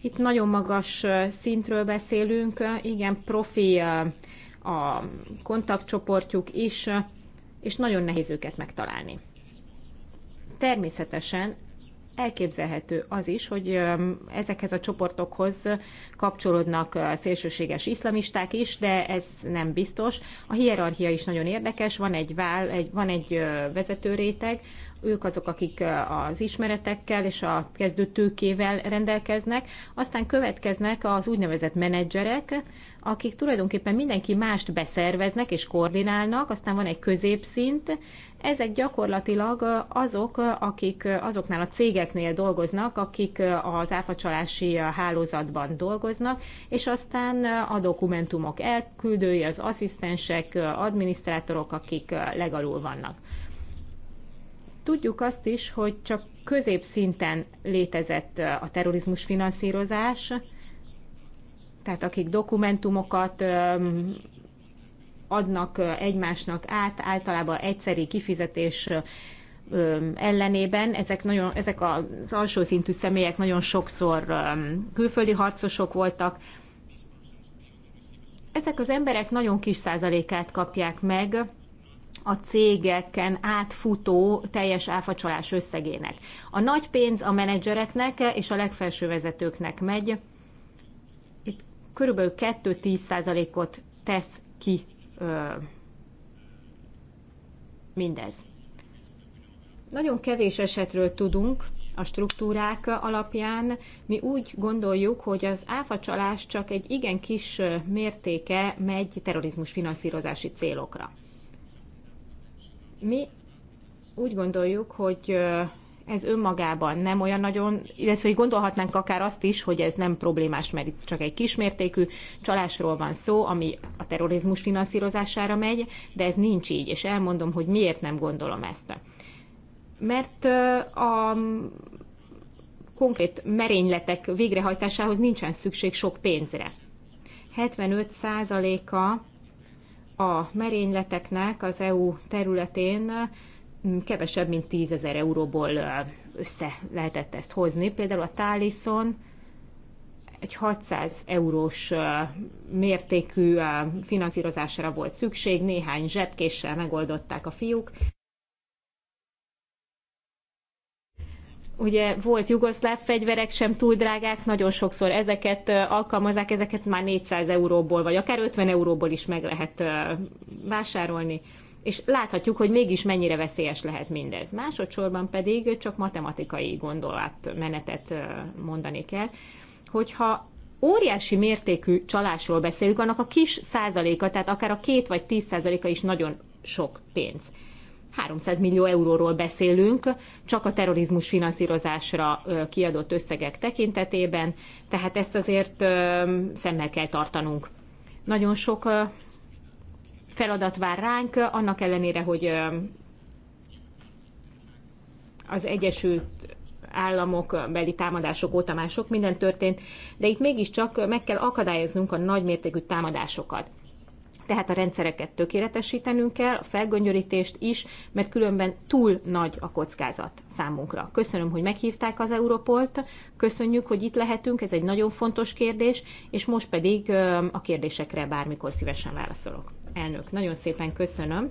Itt nagyon magas szintről beszélünk, igen, profi a kontaktcsoportjuk is, és nagyon nehéz őket megtalálni. Természetesen elképzelhető az is, hogy ezekhez a csoportokhoz kapcsolódnak szélsőséges iszlamisták is, de ez nem biztos. A hierarchia is nagyon érdekes, van egy, vál, egy, van egy vezető réteg, ők azok, akik az ismeretekkel és a kezdő tőkével rendelkeznek, aztán következnek az úgynevezett menedzserek, akik tulajdonképpen mindenki mást beszerveznek és koordinálnak, aztán van egy középszint, ezek gyakorlatilag azok, akik azoknál a cégeknél dolgoznak, akik az áfacsalási hálózatban dolgoznak, és aztán a dokumentumok elküldői, az asszisztensek, adminisztrátorok, akik legalul vannak. Tudjuk azt is, hogy csak középszinten létezett a terrorizmus finanszírozás, tehát akik dokumentumokat adnak egymásnak át, általában egyszeri kifizetés ellenében. Ezek, nagyon, ezek az alsó szintű személyek nagyon sokszor külföldi harcosok voltak. Ezek az emberek nagyon kis százalékát kapják meg a cégeken átfutó teljes áfacsalás összegének. A nagy pénz a menedzsereknek és a legfelső vezetőknek megy, körülbelül 2-10%-ot tesz ki mindez. Nagyon kevés esetről tudunk a struktúrák alapján. Mi úgy gondoljuk, hogy az áfacsalás csak egy igen kis mértéke megy terrorizmus finanszírozási célokra. Mi úgy gondoljuk, hogy ez önmagában nem olyan nagyon, illetve hogy gondolhatnánk akár azt is, hogy ez nem problémás, mert itt csak egy kismértékű csalásról van szó, ami a terrorizmus finanszírozására megy, de ez nincs így, és elmondom, hogy miért nem gondolom ezt. Mert a konkrét merényletek végrehajtásához nincsen szükség sok pénzre. 75%-a a merényleteknek az EU területén kevesebb, mint 10 ezer euróból össze lehetett ezt hozni. Például a Tálison egy 600 eurós mértékű finanszírozásra volt szükség, néhány zsebkéssel megoldották a fiúk. Ugye volt jugoszláv fegyverek sem túl drágák, nagyon sokszor ezeket alkalmazzák, ezeket már 400 euróból, vagy akár 50 euróból is meg lehet vásárolni és láthatjuk, hogy mégis mennyire veszélyes lehet mindez. Másodszorban pedig csak matematikai gondolatmenetet mondani kell, hogyha óriási mértékű csalásról beszélünk, annak a kis százaléka, tehát akár a két vagy tíz százaléka is nagyon sok pénz. 300 millió euróról beszélünk, csak a terrorizmus finanszírozásra kiadott összegek tekintetében, tehát ezt azért szemmel kell tartanunk. Nagyon sok feladat vár ránk, annak ellenére, hogy az Egyesült államok beli támadások óta már sok minden történt, de itt mégiscsak meg kell akadályoznunk a nagymértékű támadásokat. Tehát a rendszereket tökéletesítenünk kell, a felgöngyörítést is, mert különben túl nagy a kockázat számunkra. Köszönöm, hogy meghívták az Európolt, köszönjük, hogy itt lehetünk, ez egy nagyon fontos kérdés, és most pedig a kérdésekre bármikor szívesen válaszolok. Elnök, nagyon szépen köszönöm.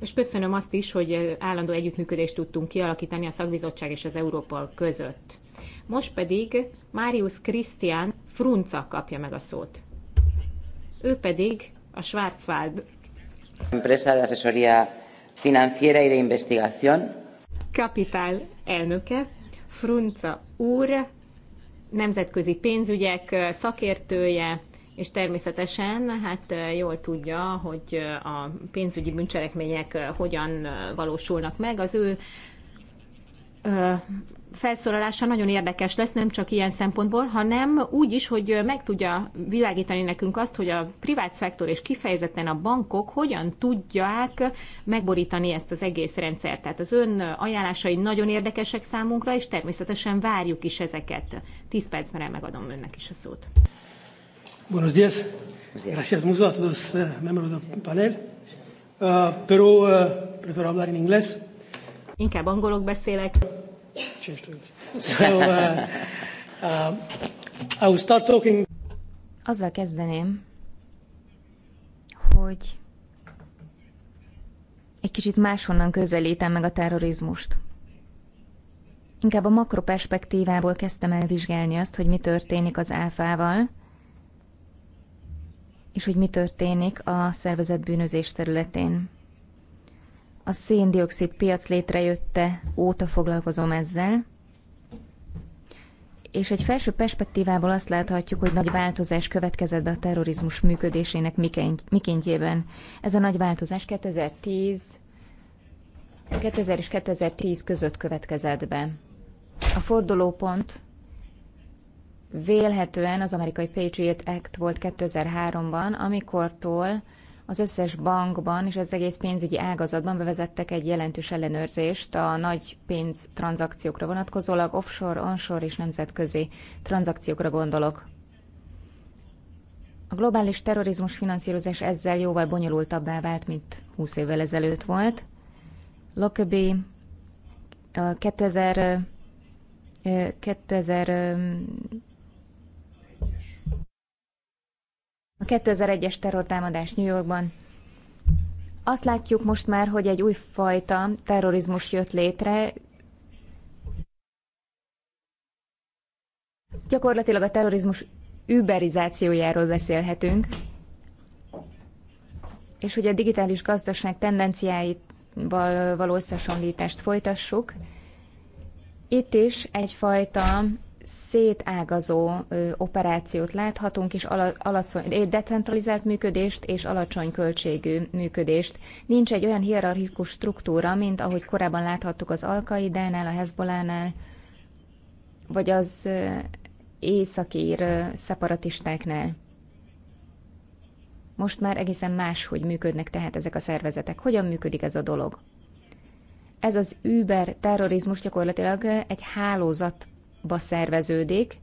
És köszönöm azt is, hogy állandó együttműködést tudtunk kialakítani a szakbizottság és az Európa között. Most pedig Máriusz Krisztián Frunca kapja meg a szót. Ő pedig a Schwarzwald. Empresa de asesoría financiera y de investigación. Kapitál elnöke, Frunca úr, nemzetközi pénzügyek szakértője, és természetesen hát jól tudja, hogy a pénzügyi bűncselekmények hogyan valósulnak meg. Az ő felszólalása nagyon érdekes lesz, nem csak ilyen szempontból, hanem úgy is, hogy meg tudja világítani nekünk azt, hogy a privát szektor és kifejezetten a bankok hogyan tudják megborítani ezt az egész rendszert. Tehát az ön ajánlásai nagyon érdekesek számunkra, és természetesen várjuk is ezeket. Tíz percben megadom önnek is a szót. Buenos días. Buenos días. Gracias mucho a todos los uh, eh, miembros del panel. Uh, eh, pero uh, eh, prefiero hablar en inglés. Inkább angolok beszélek. So, uh, uh, I will start talking. Azzal kezdeném, hogy egy kicsit máshonnan közelítem meg a terrorizmust. Inkább a makroperspektívából kezdtem el vizsgálni azt, hogy mi történik az áfával, és hogy mi történik a szervezett bűnözés területén. A széndiokszid piac létrejötte óta foglalkozom ezzel, és egy felső perspektívából azt láthatjuk, hogy nagy változás következett be a terrorizmus működésének mikéntjében. Ez a nagy változás 2010 2000 és 2010 között következett be. A fordulópont Vélhetően az amerikai Patriot Act volt 2003-ban, amikortól az összes bankban és az egész pénzügyi ágazatban bevezettek egy jelentős ellenőrzést a nagy tranzakciókra vonatkozólag, offshore, onshore és nemzetközi tranzakciókra gondolok. A globális terrorizmus finanszírozás ezzel jóval bonyolultabbá vált, mint 20 évvel ezelőtt volt. Lockerbie 2000, 2000 a 2001-es terrortámadás New Yorkban. Azt látjuk most már, hogy egy újfajta terrorizmus jött létre. Gyakorlatilag a terrorizmus überizációjáról beszélhetünk, és hogy a digitális gazdaság tendenciáival való összehasonlítást folytassuk. Itt is egyfajta szétágazó operációt láthatunk, és alacsony, decentralizált működést és alacsony költségű működést. Nincs egy olyan hierarchikus struktúra, mint ahogy korábban láthattuk az Alkaidánál, a Hezbolánál, vagy az északír szeparatistáknál. Most már egészen más, hogy működnek tehát ezek a szervezetek. Hogyan működik ez a dolog? Ez az Uber terrorizmus gyakorlatilag egy hálózat ba szerveződik.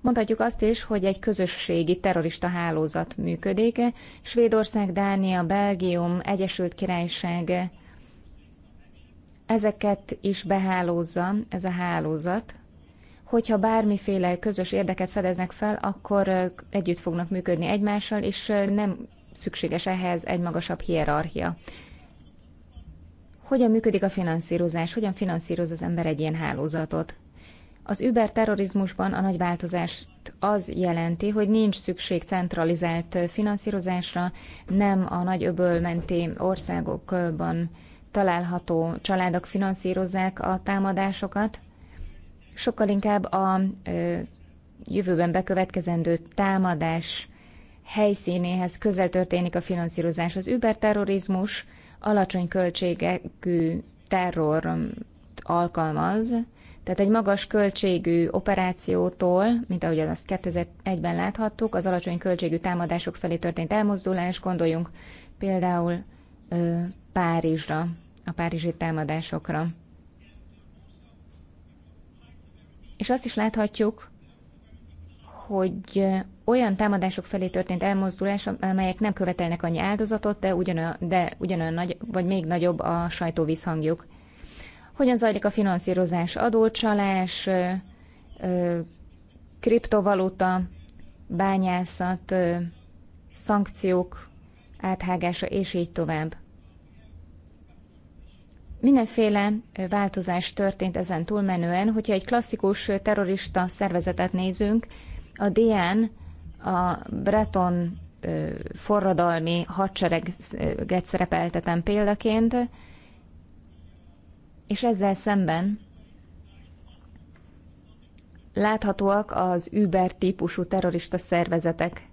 Mondhatjuk azt is, hogy egy közösségi terrorista hálózat működik. Svédország, Dánia, Belgium, Egyesült Királyság ezeket is behálózza ez a hálózat. Hogyha bármiféle közös érdeket fedeznek fel, akkor együtt fognak működni egymással, és nem szükséges ehhez egy magasabb hierarchia. Hogyan működik a finanszírozás? Hogyan finanszíroz az ember egy ilyen hálózatot? Az Über terrorizmusban a nagy változást az jelenti, hogy nincs szükség centralizált finanszírozásra, nem a nagy öböl menti országokban található családok finanszírozzák a támadásokat, sokkal inkább a ö, jövőben bekövetkezendő támadás helyszínéhez közel történik a finanszírozás. Az überterrorizmus alacsony költségekű terror alkalmaz, tehát egy magas költségű operációtól, mint ahogy azt 2001-ben láthattuk, az alacsony költségű támadások felé történt elmozdulás, gondoljunk például ö, Párizsra, a párizsi támadásokra. És azt is láthatjuk, hogy olyan támadások felé történt elmozdulás, amelyek nem követelnek annyi áldozatot, de ugyanolyan, de ugyanolyan nagy, vagy még nagyobb a sajtó visszhangjuk. Hogyan zajlik a finanszírozás? Adócsalás, kriptovaluta, bányászat, szankciók áthágása, és így tovább. Mindenféle változás történt ezen túlmenően, hogyha egy klasszikus terrorista szervezetet nézünk, a DN a Breton forradalmi hadsereget szerepeltetem példaként, és ezzel szemben láthatóak az Uber típusú terrorista szervezetek.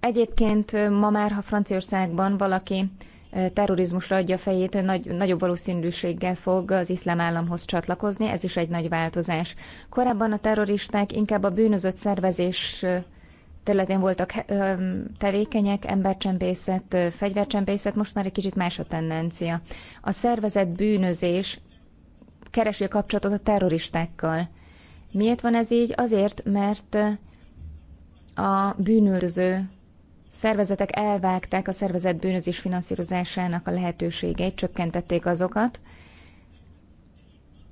Egyébként ma már, ha Franciaországban valaki terrorizmusra adja a fejét, nagy, nagyobb valószínűséggel fog az iszlám államhoz csatlakozni, ez is egy nagy változás. Korábban a terroristák inkább a bűnözött szervezés területén voltak tevékenyek, embercsempészet, fegyvercsempészet, most már egy kicsit más a tendencia. A szervezet bűnözés keresi a kapcsolatot a terroristákkal. Miért van ez így? Azért, mert a bűnöző szervezetek elvágták a szervezet bűnözés finanszírozásának a lehetőségeit, csökkentették azokat.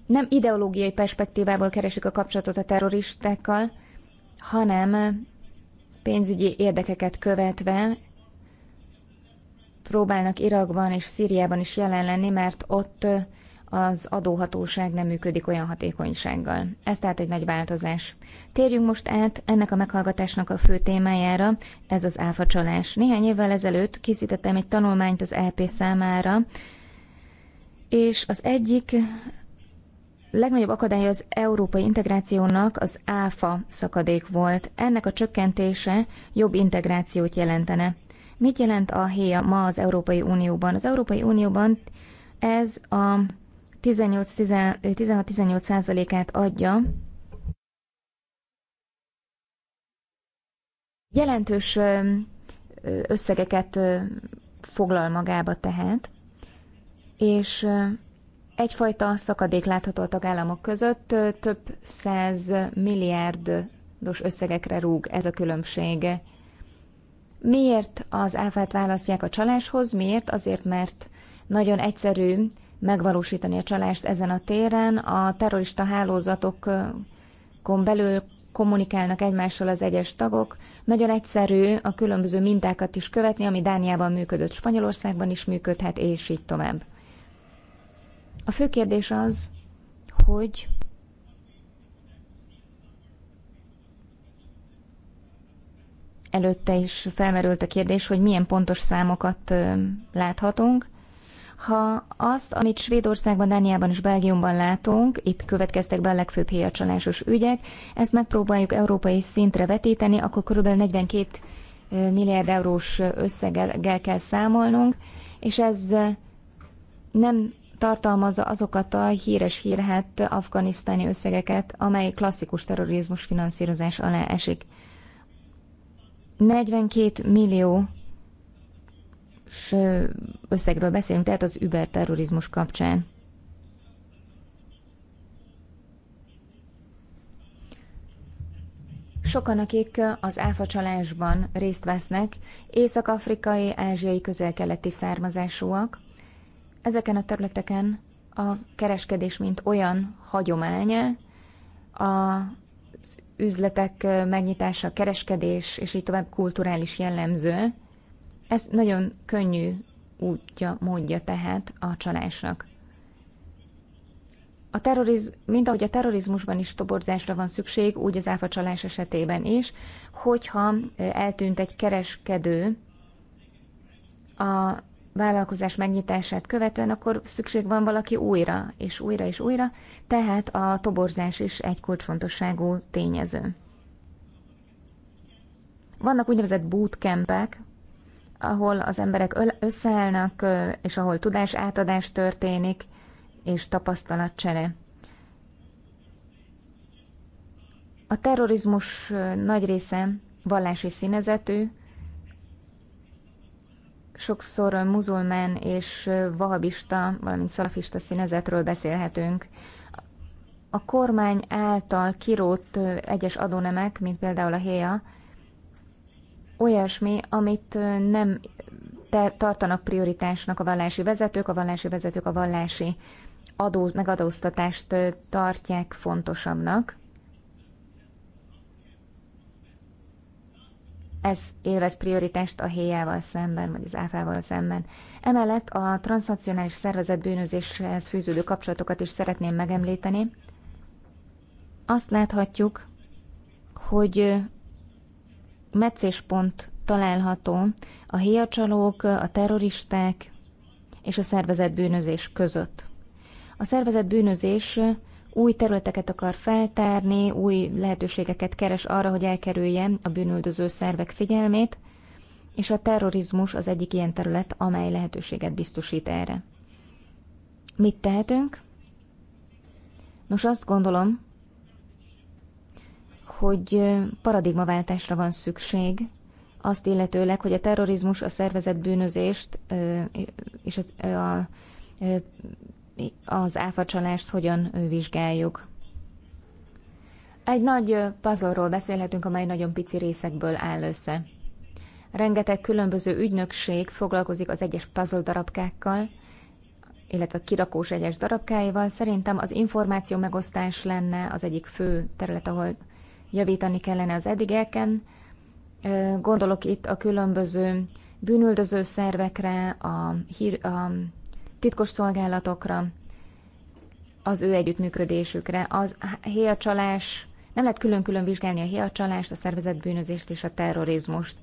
Nem ideológiai perspektívából keresik a kapcsolatot a terroristákkal, hanem pénzügyi érdekeket követve próbálnak Irakban és Szíriában is jelen lenni, mert ott az adóhatóság nem működik olyan hatékonysággal. Ez tehát egy nagy változás. Térjünk most át ennek a meghallgatásnak a fő témájára, ez az áfa csalás. Néhány évvel ezelőtt készítettem egy tanulmányt az LP számára, és az egyik legnagyobb akadály az európai integrációnak az áfa szakadék volt. Ennek a csökkentése jobb integrációt jelentene. Mit jelent a héja ma az Európai Unióban? Az Európai Unióban ez a 16-18 százalékát adja. Jelentős összegeket foglal magába tehát, és Egyfajta szakadék látható a tagállamok között, több száz milliárdos összegekre rúg ez a különbség. Miért az áfát választják a csaláshoz? Miért? Azért, mert nagyon egyszerű megvalósítani a csalást ezen a téren. A terrorista hálózatokon belül kommunikálnak egymással az egyes tagok. Nagyon egyszerű a különböző mintákat is követni, ami Dániában működött, Spanyolországban is működhet, és így tovább. A fő kérdés az, hogy előtte is felmerült a kérdés, hogy milyen pontos számokat láthatunk. Ha azt, amit Svédországban, Dániában és Belgiumban látunk, itt következtek be a legfőbb héjacsalásos ügyek, ezt megpróbáljuk európai szintre vetíteni, akkor kb. 42 milliárd eurós összeggel kell számolnunk, és ez nem tartalmazza azokat a híres hírhet afganisztáni összegeket, amely klasszikus terrorizmus finanszírozás alá esik. 42 millió összegről beszélünk, tehát az Uber terrorizmus kapcsán. Sokan, akik az áfa csalásban részt vesznek, észak-afrikai, ázsiai, közel-keleti származásúak, Ezeken a területeken a kereskedés, mint olyan hagyománya, az üzletek megnyitása, kereskedés, és így tovább kulturális jellemző, ez nagyon könnyű útja, módja tehát a csalásnak. A terroriz, mint ahogy a terrorizmusban is toborzásra van szükség, úgy az áfa csalás esetében is, hogyha eltűnt egy kereskedő a vállalkozás megnyitását követően, akkor szükség van valaki újra, és újra, és újra, tehát a toborzás is egy kulcsfontosságú tényező. Vannak úgynevezett bootcampek, ahol az emberek összeállnak, és ahol tudás átadás történik, és tapasztalatcsere. A terrorizmus nagy része vallási színezetű, sokszor muzulmán és vahabista, valamint szalafista színezetről beszélhetünk. A kormány által kirótt egyes adónemek, mint például a héja, olyasmi, amit nem tartanak prioritásnak a vallási vezetők, a vallási vezetők a vallási adó, megadóztatást tartják fontosabbnak. ez élvez prioritást a héjával szemben, vagy az áfával szemben. Emellett a transnacionális szervezet bűnözéshez fűződő kapcsolatokat is szeretném megemlíteni. Azt láthatjuk, hogy meccéspont található a héjacsalók, a terroristák és a szervezet bűnözés között. A szervezet bűnözés új területeket akar feltárni, új lehetőségeket keres arra, hogy elkerülje a bűnöldöző szervek figyelmét, és a terrorizmus az egyik ilyen terület, amely lehetőséget biztosít erre. Mit tehetünk? Nos, azt gondolom, hogy paradigmaváltásra van szükség, azt illetőleg, hogy a terrorizmus, a szervezett bűnözést és a az áfacsalást hogyan vizsgáljuk. Egy nagy pazorról beszélhetünk, amely nagyon pici részekből áll össze. Rengeteg különböző ügynökség foglalkozik az egyes puzzle darabkákkal, illetve kirakós egyes darabkáival. Szerintem az információ megosztás lenne az egyik fő terület, ahol javítani kellene az eddigeken. Gondolok itt a különböző bűnüldöző szervekre, a, hír, a titkos szolgálatokra, az ő együttműködésükre. Az héjacsalás, nem lehet külön-külön vizsgálni a héjacsalást, a szervezett bűnözést és a terrorizmust.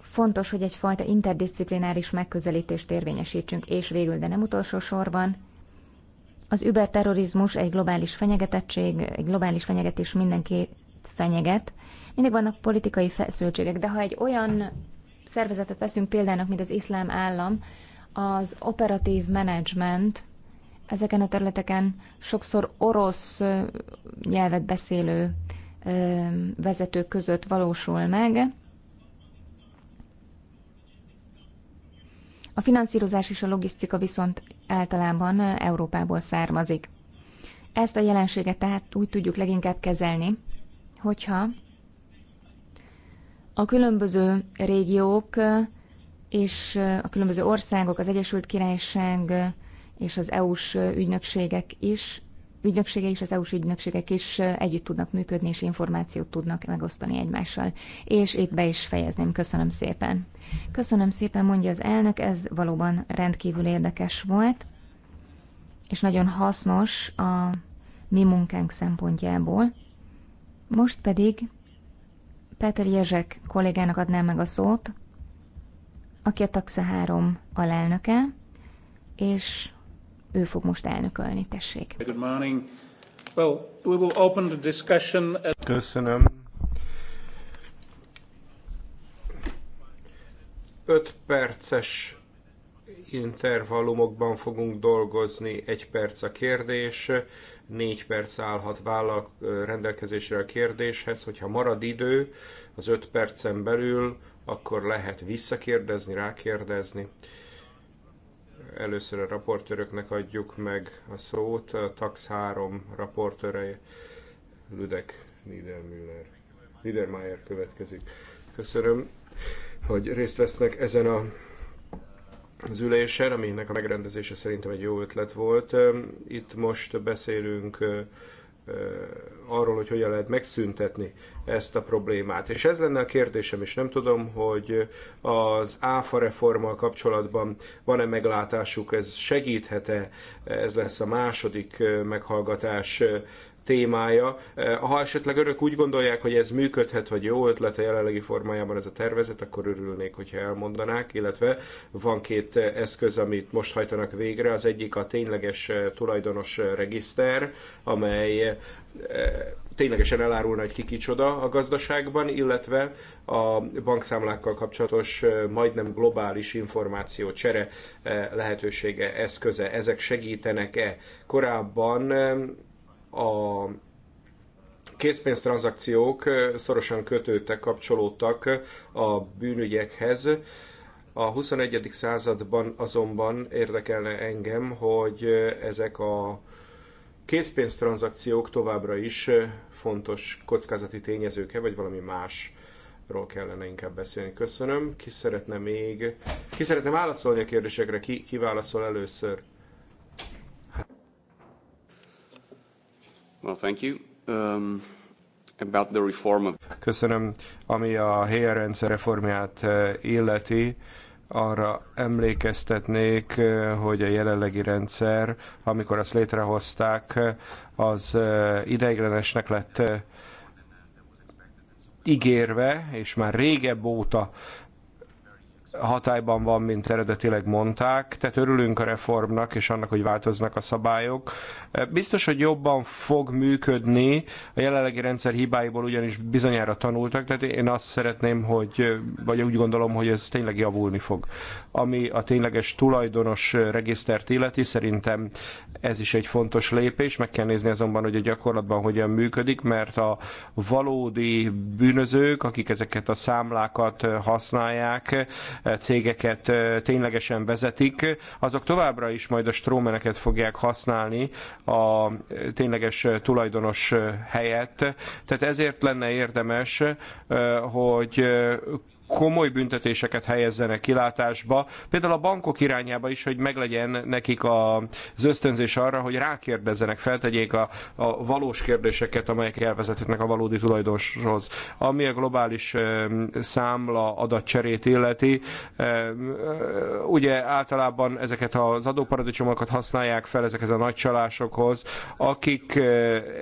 Fontos, hogy egyfajta interdisziplináris megközelítést érvényesítsünk, és végül, de nem utolsó sorban, az überterrorizmus egy globális fenyegetettség, egy globális fenyegetés mindenkit fenyeget. Mindig vannak politikai feszültségek, de ha egy olyan szervezetet veszünk példának, mint az iszlám állam, az operatív menedzsment ezeken a területeken sokszor orosz nyelvet beszélő vezetők között valósul meg. A finanszírozás és a logisztika viszont általában Európából származik. Ezt a jelenséget tehát úgy tudjuk leginkább kezelni, hogyha a különböző régiók és a különböző országok, az Egyesült Királyság és az EU-s ügynökségek is, ügynöksége és az EU-s ügynökségek is együtt tudnak működni, és információt tudnak megosztani egymással. És itt be is fejezném. Köszönöm szépen. Köszönöm szépen, mondja az elnök, ez valóban rendkívül érdekes volt, és nagyon hasznos a mi munkánk szempontjából. Most pedig Peter Jezsek kollégának adnám meg a szót, aki a Taxa 3 alelnöke, és ő fog most elnökölni, tessék. Good morning. Well, we will open the discussion. Köszönöm. Öt perces intervallumokban fogunk dolgozni, egy perc a kérdés, négy perc állhat vállal rendelkezésre a kérdéshez, hogyha marad idő az öt percen belül, akkor lehet visszakérdezni, rákérdezni. Először a raportőröknek adjuk meg a szót, a TAX 3 raportőre Ludek Niedermüller. Niedermayer következik. Köszönöm, hogy részt vesznek ezen a az ülésen, aminek a megrendezése szerintem egy jó ötlet volt. Itt most beszélünk arról, hogy hogyan lehet megszüntetni ezt a problémát. És ez lenne a kérdésem, és nem tudom, hogy az ÁFA reformmal kapcsolatban van-e meglátásuk, ez segíthet-e, ez lesz a második meghallgatás témája. Eh, ha esetleg örök úgy gondolják, hogy ez működhet, vagy jó ötlet a jelenlegi formájában ez a tervezet, akkor örülnék, hogyha elmondanák, illetve van két eh, eszköz, amit most hajtanak végre. Az egyik a tényleges eh, tulajdonos regiszter, amely ténylegesen elárulna, hogy ki kicsoda a gazdaságban, illetve a bankszámlákkal kapcsolatos majdnem globális információ csere lehetősége, eszköze, ezek segítenek-e? Korábban a készpénztranzakciók szorosan kötődtek, kapcsolódtak a bűnügyekhez. A 21. században azonban érdekelne engem, hogy ezek a készpénztranzakciók továbbra is fontos kockázati tényezőke, vagy valami másról kellene inkább beszélni. Köszönöm. Ki szeretne még, ki szeretne válaszolni a kérdésekre? Ki, ki válaszol először? Um, Köszönöm. Ami a HR rendszer reformját uh, illeti, arra emlékeztetnék, uh, hogy a jelenlegi rendszer, amikor azt létrehozták, uh, az ideiglenesnek lett ígérve, és már régebb óta hatályban van, mint eredetileg mondták, tehát örülünk a reformnak és annak, hogy változnak a szabályok. Eh, biztos, hogy jobban fog működni, a jelenlegi rendszer hibáiból ugyanis bizonyára tanultak, tehát én azt szeretném, hogy, eh, vagy úgy gondolom, hogy ez tényleg javulni fog. Ami a tényleges tulajdonos eh, regisztert illeti, szerintem ez is egy fontos lépés, meg kell nézni azonban, hogy a gyakorlatban hogyan működik, mert a valódi bűnözők, akik ezeket a számlákat használják, cégeket ténylegesen vezetik, azok továbbra is majd a strómeneket fogják használni a tényleges tulajdonos helyett. Tehát ezért lenne érdemes, hogy komoly büntetéseket helyezzenek kilátásba, például a bankok irányába is, hogy meglegyen nekik az ösztönzés arra, hogy rákérdezzenek, feltegyék a, a valós kérdéseket, amelyek elvezethetnek a valódi tulajdonoshoz. Ami a globális számla adatcserét illeti, ugye általában ezeket az adóparadicsomokat használják fel ezekhez a nagy csalásokhoz, akik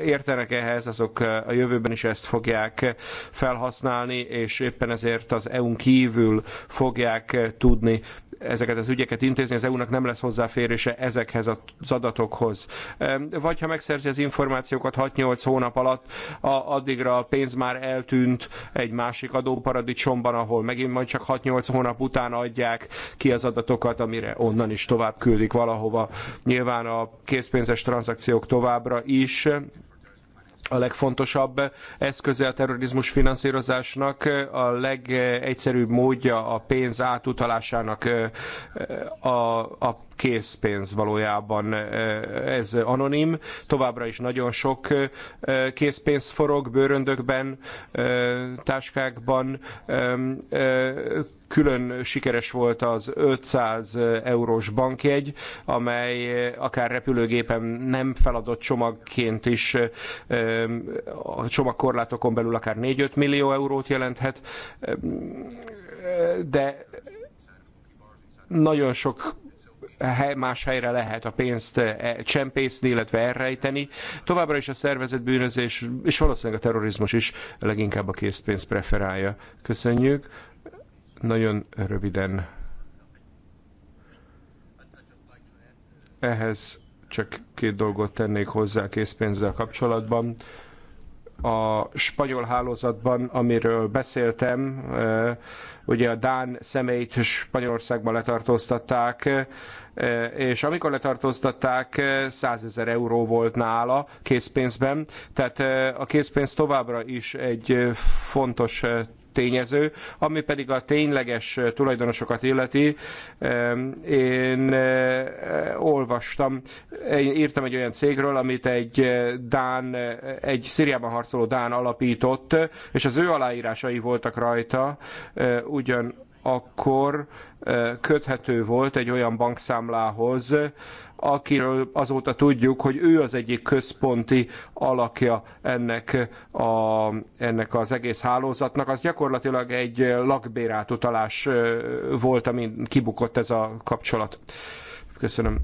értenek ehhez, azok a jövőben is ezt fogják felhasználni, és éppen ezért az EU-n kívül fogják eh, tudni ezeket az ügyeket intézni, az EU-nak nem lesz hozzáférése ezekhez az adatokhoz. Vagy ha megszerzi az információkat 6-8 hónap alatt, addigra a pénz már eltűnt egy másik adóparadicsomban, ahol megint majd csak 6-8 hónap után adják ki az adatokat, amire onnan is tovább küldik valahova. Nyilván a készpénzes tranzakciók továbbra is a legfontosabb eszköze a terrorizmus finanszírozásnak, a legegyszerűbb módja a pénz átutalásának a, a készpénz valójában. Ez anonim, továbbra is nagyon sok készpénz forog bőröndökben, táskákban, Külön sikeres volt az 500 eurós bankjegy, amely akár repülőgépen nem feladott csomagként is a csomagkorlátokon belül akár 4-5 millió eurót jelenthet, de nagyon sok más helyre lehet a pénzt e, csempészni, illetve elrejteni. Továbbra is a szervezet bűnözés, és valószínűleg a terrorizmus is leginkább a készpénzt preferálja. Köszönjük. Nagyon röviden. Ehhez csak két dolgot tennék hozzá készpénzzel kapcsolatban. A spanyol hálózatban, amiről beszéltem, eh, ugye a Dán személyt Spanyolországban letartóztatták, eh, és amikor letartóztatták, 100 eh, ezer euró volt nála készpénzben, tehát a készpénz továbbra is egy fontos tényező, ami pedig a tényleges tulajdonosokat illeti. Én olvastam, én írtam egy olyan cégről, amit egy Dán, egy Szíriában harcoló Dán alapított, és az ő aláírásai voltak rajta, ugyanakkor köthető volt egy olyan bankszámlához, akiről azóta tudjuk, hogy ő az egyik központi alakja ennek, a, ennek az egész hálózatnak. Az gyakorlatilag egy lakbérátutalás volt, amin kibukott ez a kapcsolat. Köszönöm.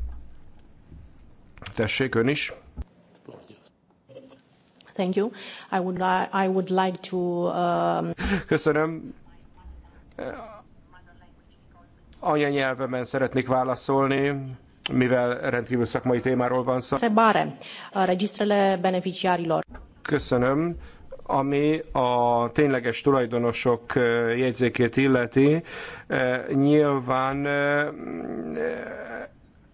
Tessék, ön is. Thank you. I would, I would like to... Um... Köszönöm anyanyelvemen szeretnék válaszolni mivel rendkívül szakmai témáról van szó. a regisztrele beneficiárilor. Köszönöm ami a tényleges tulajdonosok eh, jegyzékét illeti. Eh, nyilván eh,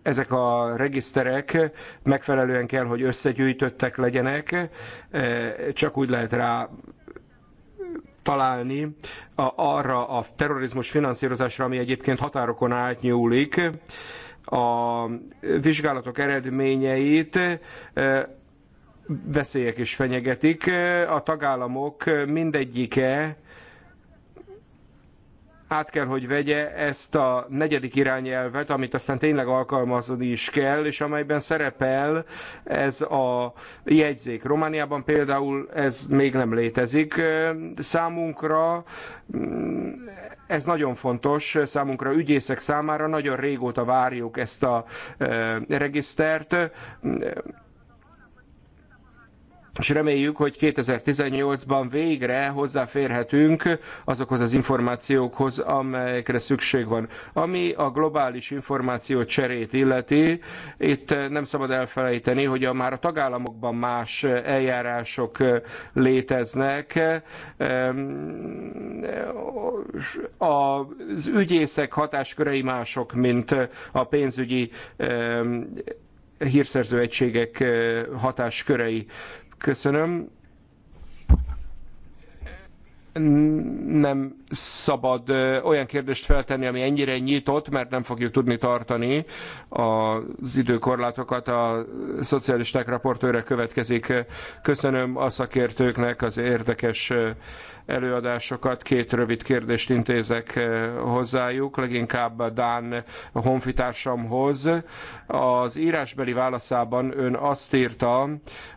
ezek a regiszterek megfelelően kell, hogy összegyűjtöttek legyenek, csak úgy lehet rá találni arra a terrorizmus finanszírozásra, ami egyébként határokon átnyúlik a vizsgálatok eredményeit e, veszélyek is fenyegetik. E, a tagállamok mindegyike át kell, hogy vegye ezt a negyedik irányelvet, amit aztán tényleg alkalmazni is kell, és amelyben szerepel ez a jegyzék. Romániában például ez még nem létezik. Számunkra ez nagyon fontos, számunkra ügyészek számára nagyon régóta várjuk ezt a eh, regisztert és reméljük, hogy 2018-ban végre hozzáférhetünk azokhoz az információkhoz, amelyekre szükség van. Ami a globális információ cserét illeti, itt nem szabad elfelejteni, hogy a, már a tagállamokban más eljárások léteznek. Az ügyészek hatáskörei mások, mint a pénzügyi hírszerző egységek eh, hatáskörei. Köszönöm. Nem szabad olyan kérdést feltenni, ami ennyire nyitott, mert nem fogjuk tudni tartani az időkorlátokat. A szocialisták raportőre következik. Köszönöm a szakértőknek az érdekes előadásokat. Két rövid kérdést intézek eh, hozzájuk, leginkább Dán honfitársamhoz. Az írásbeli válaszában ön azt írta,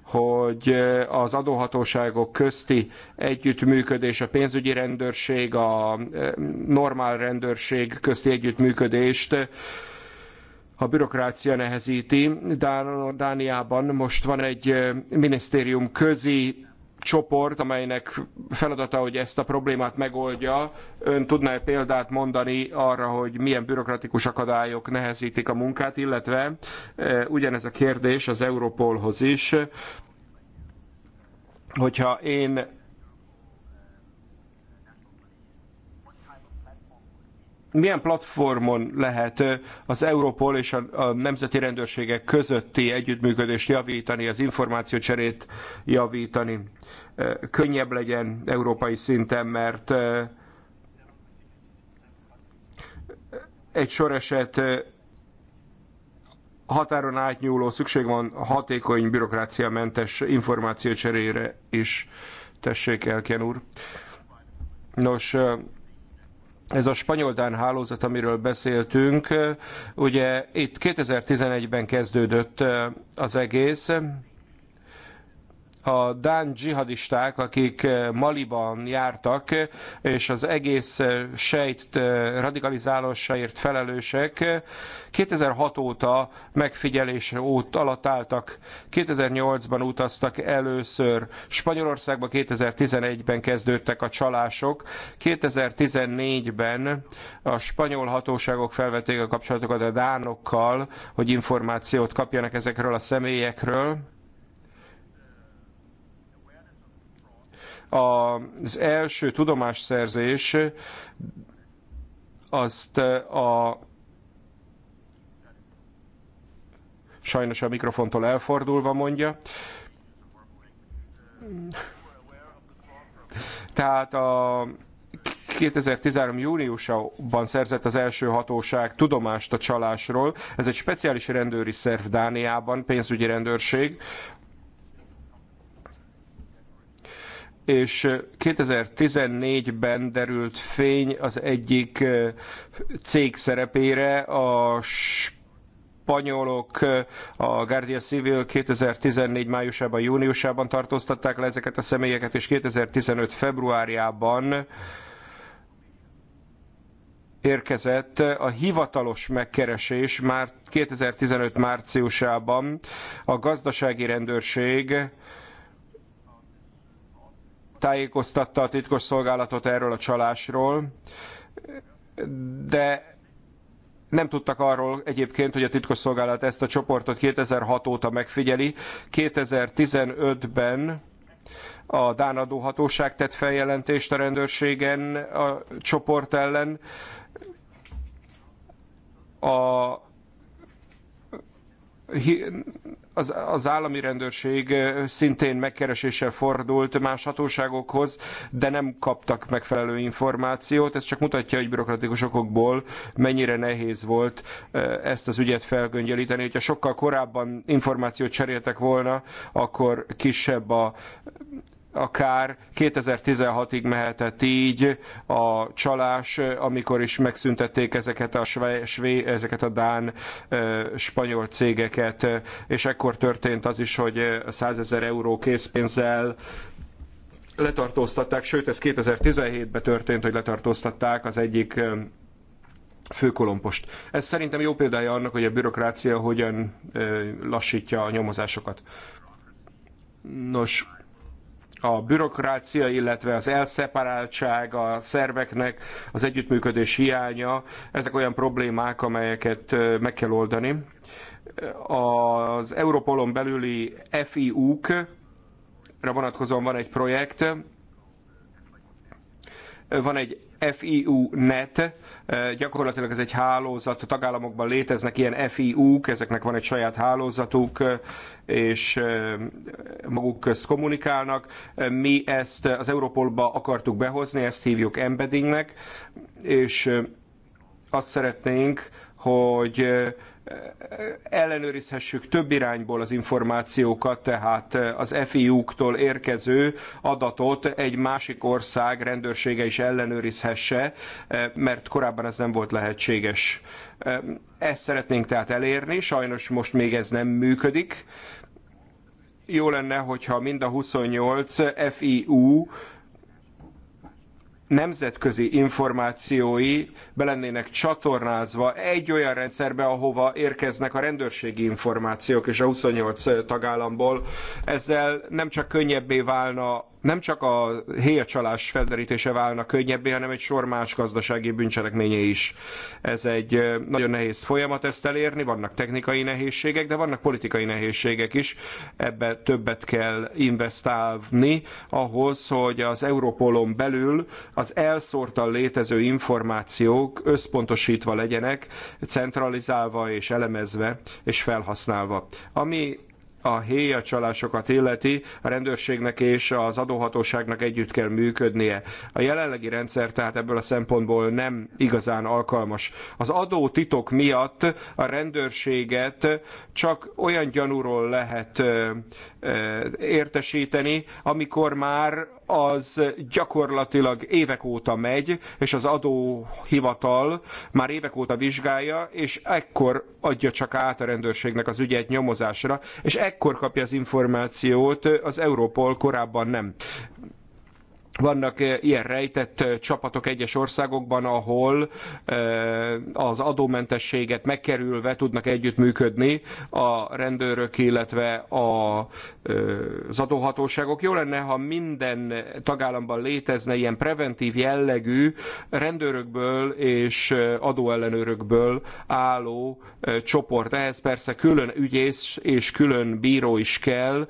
hogy eh, az adóhatóságok közti együttműködés, a pénzügyi rendőrség, a eh, normál rendőrség közti együttműködést a bürokrácia nehezíti. Dániában most van egy minisztérium közi csoport, amelynek feladata, hogy ezt a problémát megoldja. Ön tudná -e példát mondani arra, hogy milyen bürokratikus akadályok nehezítik a munkát, illetve e, ugyanez a kérdés az Europolhoz is. Hogyha én milyen platformon lehet az Európol és a, a nemzeti rendőrségek közötti együttműködést javítani, az információcserét javítani, könnyebb legyen európai szinten, mert egy sor eset határon átnyúló szükség van hatékony, bürokráciamentes információcserére is. Tessék, Elken úr. Nos, ez a spanyol-dán hálózat, amiről beszéltünk, ugye itt 2011-ben kezdődött eh, az egész, a dán dzsihadisták, akik eh, Maliban jártak, és az egész eh, sejt eh, radikalizálósáért felelősek, 2006 óta megfigyelés út alatt álltak. 2008-ban utaztak először Spanyolországba, 2011-ben kezdődtek a csalások. 2014-ben a spanyol hatóságok felvették a kapcsolatokat a dánokkal, hogy információt kapjanak ezekről a személyekről az első tudomásszerzés azt a sajnos a mikrofontól elfordulva mondja. Tehát a 2013. júniusban szerzett az első hatóság tudomást a csalásról. Ez egy speciális rendőri szerv Dániában, pénzügyi rendőrség, és 2014-ben derült fény az egyik cég szerepére, a spanyolok a Guardia Civil 2014 májusában, júniusában tartóztatták le ezeket a személyeket, és 2015 februárjában érkezett a hivatalos megkeresés már 2015 márciusában a gazdasági rendőrség tájékoztatta a titkos szolgálatot erről a csalásról, de nem tudtak arról egyébként, hogy a titkosszolgálat ezt a csoportot 2006 óta megfigyeli. 2015-ben a Dán adóhatóság tett feljelentést a rendőrségen a csoport ellen. A az, az állami rendőrség szintén megkereséssel fordult más hatóságokhoz, de nem kaptak megfelelő információt. Ez csak mutatja, hogy bürokratikus okokból mennyire nehéz volt ezt az ügyet felgöngyölíteni. Hogyha sokkal korábban információt cseréltek volna, akkor kisebb a akár 2016-ig mehetett így a csalás, amikor is megszüntették ezeket a, své, své, ezeket a dán spanyol cégeket, és ekkor történt az is, hogy 100 ezer euró készpénzzel letartóztatták, sőt ez 2017-ben történt, hogy letartóztatták az egyik főkolompost. Ez szerintem jó példája annak, hogy a bürokrácia hogyan lassítja a nyomozásokat. Nos, a bürokrácia, illetve az elszeparáltság a szerveknek, az együttműködés hiánya, ezek olyan problémák, amelyeket meg kell oldani. Az Europolon belüli FIU-k, vonatkozóan van egy projekt, van egy FIU.net, gyakorlatilag ez egy hálózat, a tagállamokban léteznek ilyen FIU-k, ezeknek van egy saját hálózatuk, és maguk közt kommunikálnak. Mi ezt az Europolba akartuk behozni, ezt hívjuk embeddingnek, és azt szeretnénk, hogy ellenőrizhessük több irányból az információkat, tehát az FIU-któl érkező adatot egy másik ország rendőrsége is ellenőrizhesse, mert korábban ez nem volt lehetséges. Ezt szeretnénk tehát elérni, sajnos most még ez nem működik. Jó lenne, hogyha mind a 28 FIU nemzetközi információi be lennének csatornázva egy olyan rendszerbe, ahova érkeznek a rendőrségi információk és a 28 tagállamból. Ezzel nem csak könnyebbé válna nem csak a héjacsalás felderítése válna könnyebbé, hanem egy sor más gazdasági bűncselekménye is. Ez egy nagyon nehéz folyamat ezt elérni, vannak technikai nehézségek, de vannak politikai nehézségek is. Ebbe többet kell investálni ahhoz, hogy az Európolon belül az elszórtan létező információk összpontosítva legyenek, centralizálva és elemezve és felhasználva. Ami a héjacsalásokat illeti, a rendőrségnek és az adóhatóságnak együtt kell működnie. A jelenlegi rendszer tehát ebből a szempontból nem igazán alkalmas. Az adótitok miatt a rendőrséget csak olyan gyanúról lehet értesíteni, amikor már az gyakorlatilag évek óta megy, és az adóhivatal már évek óta vizsgálja, és ekkor adja csak át a rendőrségnek az ügyet nyomozásra, és ekkor kapja az információt, az Europol korábban nem vannak eh, ilyen rejtett eh, csapatok egyes országokban, ahol eh, az adómentességet megkerülve tudnak együttműködni a rendőrök, illetve a, az adóhatóságok. Jó lenne, ha minden tagállamban létezne ilyen preventív jellegű rendőrökből és adóellenőrökből álló csoport. Ehhez persze külön ügyész és külön bíró is kell,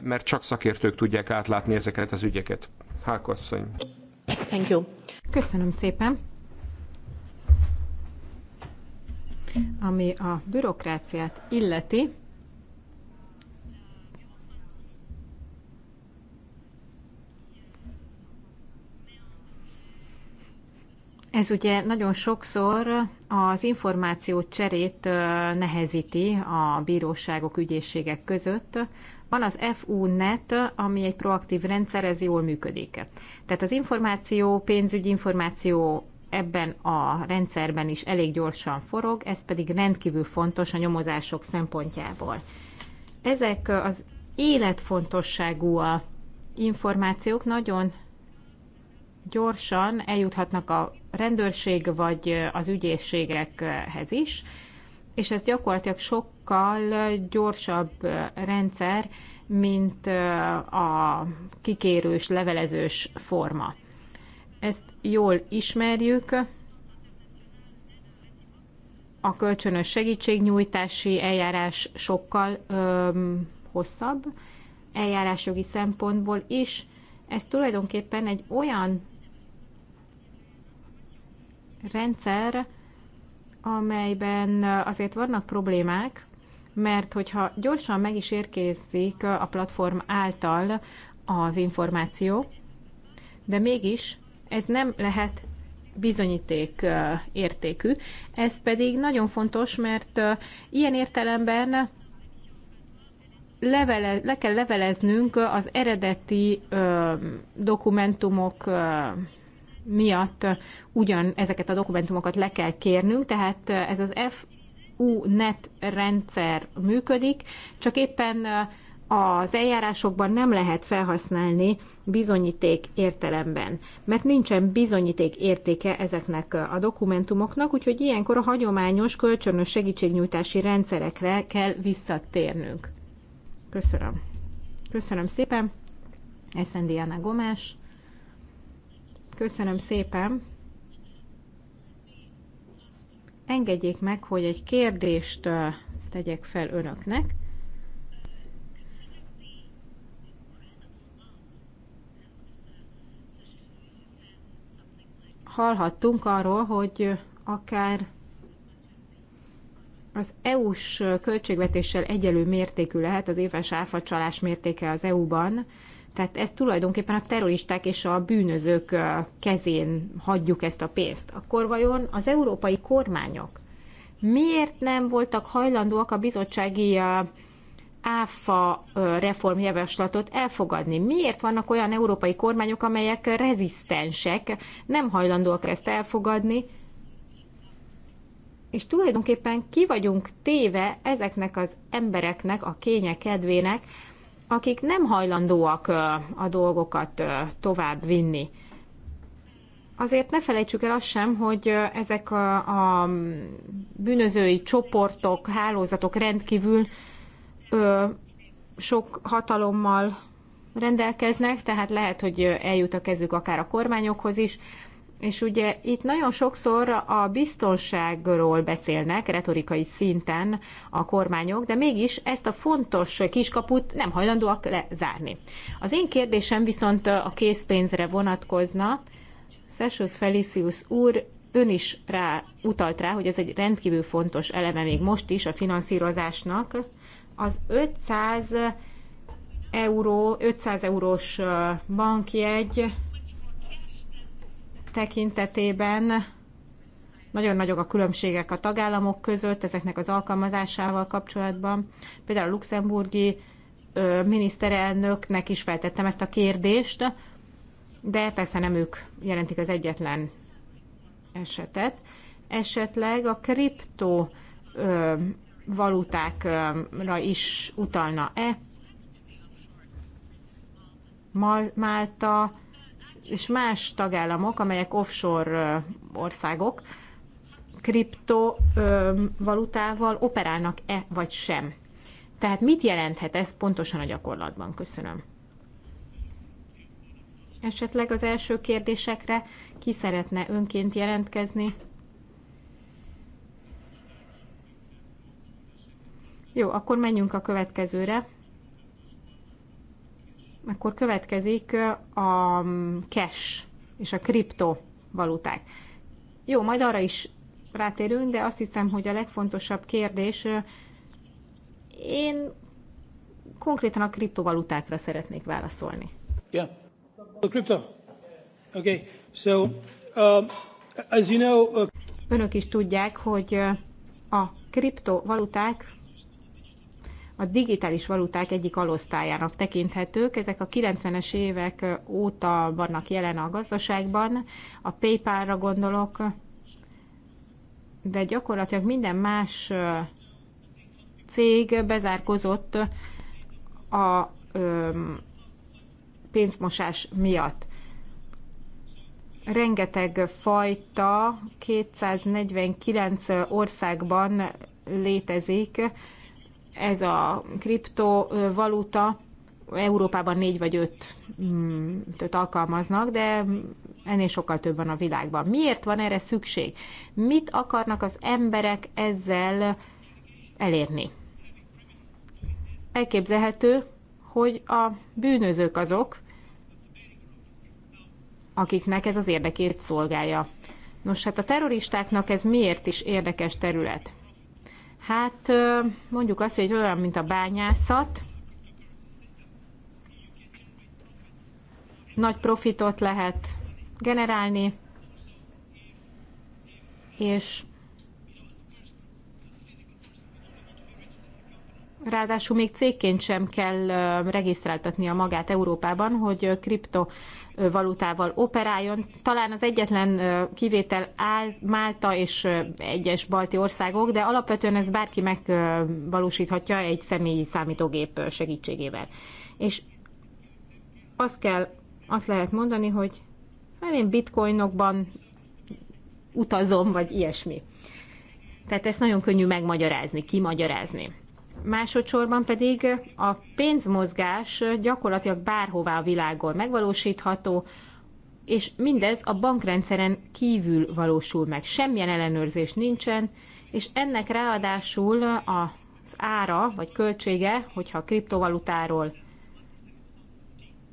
mert csak szakértők tudják átlátni ezeket az ügyeket. Hákasszony. Thank you. Köszönöm szépen. Ami a bürokráciát illeti, Ez ugye nagyon sokszor az információ cserét nehezíti a bíróságok, ügyészségek között, van az FUNET, ami egy proaktív rendszer, ez jól működik. Tehát az információ, pénzügyi információ ebben a rendszerben is elég gyorsan forog, ez pedig rendkívül fontos a nyomozások szempontjából. Ezek az életfontosságú információk nagyon gyorsan eljuthatnak a rendőrség vagy az ügyészségekhez is, és ez gyakorlatilag sok sokkal gyorsabb rendszer, mint a kikérős, levelezős forma. Ezt jól ismerjük, a kölcsönös segítségnyújtási eljárás sokkal ö, hosszabb eljárásjogi szempontból is. Ez tulajdonképpen egy olyan rendszer, amelyben azért vannak problémák, mert hogyha gyorsan meg is érkezik a platform által az információ, de mégis ez nem lehet bizonyíték értékű. Ez pedig nagyon fontos, mert ilyen értelemben levele, le kell leveleznünk az eredeti dokumentumok miatt ugyan ezeket a dokumentumokat le kell kérnünk, tehát ez az F EU-net rendszer működik, csak éppen az eljárásokban nem lehet felhasználni bizonyíték értelemben, mert nincsen bizonyíték értéke ezeknek a dokumentumoknak, úgyhogy ilyenkor a hagyományos kölcsönös segítségnyújtási rendszerekre kell visszatérnünk. Köszönöm. Köszönöm szépen. Eszendi Anna Gomás. Köszönöm szépen. Engedjék meg, hogy egy kérdést tegyek fel önöknek. Hallhattunk arról, hogy akár az EU-s költségvetéssel egyelő mértékű lehet az éves áfacsalás mértéke az EU-ban, tehát ezt tulajdonképpen a terroristák és a bűnözők kezén hagyjuk ezt a pénzt. Akkor vajon az európai kormányok miért nem voltak hajlandóak a bizottsági áfa reformjavaslatot elfogadni. Miért vannak olyan európai kormányok, amelyek rezisztensek, nem hajlandóak ezt elfogadni, és tulajdonképpen ki vagyunk téve ezeknek az embereknek, a kénye kedvének, akik nem hajlandóak a dolgokat tovább vinni. Azért ne felejtsük el azt sem, hogy ezek a, a bűnözői csoportok, hálózatok rendkívül ö, sok hatalommal rendelkeznek, tehát lehet, hogy eljut a kezük akár a kormányokhoz is, és ugye itt nagyon sokszor a biztonságról beszélnek retorikai szinten a kormányok, de mégis ezt a fontos kiskaput nem hajlandóak lezárni. Az én kérdésem viszont a készpénzre vonatkozna. Sessus Felicius úr ön is rá utalt rá, hogy ez egy rendkívül fontos eleme még most is a finanszírozásnak. Az 500 euró, 500 eurós bankjegy tekintetében nagyon nagyok a különbségek a tagállamok között ezeknek az alkalmazásával kapcsolatban. Például a luxemburgi ö, miniszterelnöknek is feltettem ezt a kérdést, de persze nem ők jelentik az egyetlen esetet. Esetleg a kripto ö, valutákra is utalna-e? Málta és más tagállamok, amelyek offshore országok, kriptovalutával operálnak-e vagy sem. Tehát mit jelenthet ez pontosan a gyakorlatban? Köszönöm. Esetleg az első kérdésekre ki szeretne önként jelentkezni? Jó, akkor menjünk a következőre akkor következik a mm, cash és a kriptovaluták. Jó, majd arra is rátérünk, de azt hiszem, hogy a legfontosabb kérdés, én konkrétan a kriptovalutákra szeretnék válaszolni. Yeah. crypto. Okay. So, uh, as you know, uh... Önök is tudják, hogy a kriptovaluták a digitális valuták egyik alosztályának tekinthetők. Ezek a 90-es évek óta vannak jelen a gazdaságban. A PayPal-ra gondolok, de gyakorlatilag minden más cég bezárkozott a pénzmosás miatt. Rengeteg fajta 249 országban létezik ez a kriptovaluta Európában négy vagy öt mm, öt alkalmaznak, de ennél sokkal több van a világban. Miért van erre szükség? Mit akarnak az emberek ezzel elérni? Elképzelhető, hogy a bűnözők azok, akiknek ez az érdekét szolgálja. Nos, hát a terroristáknak ez miért is érdekes terület? Hát mondjuk azt, hogy olyan, mint a bányászat. Nagy profitot lehet generálni, és ráadásul még cégként sem kell regisztráltatnia magát Európában, hogy kripto valutával operáljon. Talán az egyetlen kivétel áll Málta és egyes balti országok, de alapvetően ez bárki megvalósíthatja egy személyi számítógép segítségével. És azt kell, azt lehet mondani, hogy hát én bitcoinokban utazom, vagy ilyesmi. Tehát ezt nagyon könnyű megmagyarázni, kimagyarázni. Másodszorban pedig a pénzmozgás gyakorlatilag bárhová a világon megvalósítható, és mindez a bankrendszeren kívül valósul meg. Semmilyen ellenőrzés nincsen, és ennek ráadásul az ára vagy költsége, hogyha a kriptovalutáról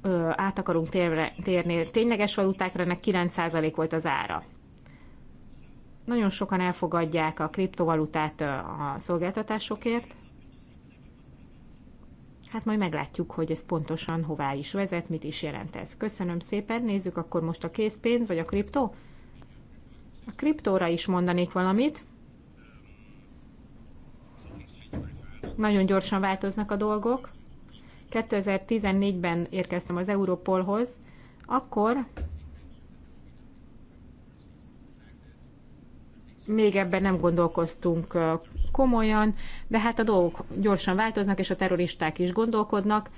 ö, át akarunk térre, térni tényleges valutákra, ennek 9% volt az ára. Nagyon sokan elfogadják a kriptovalutát a szolgáltatásokért, Hát majd meglátjuk, hogy ez pontosan hová is vezet, mit is jelent ez. Köszönöm szépen, nézzük akkor most a készpénz vagy a kriptó. A kriptóra is mondanék valamit. Nagyon gyorsan változnak a dolgok. 2014-ben érkeztem az Europolhoz, akkor még ebben nem gondolkoztunk komolyan, de hát a dolgok gyorsan változnak, és a terroristák is gondolkodnak,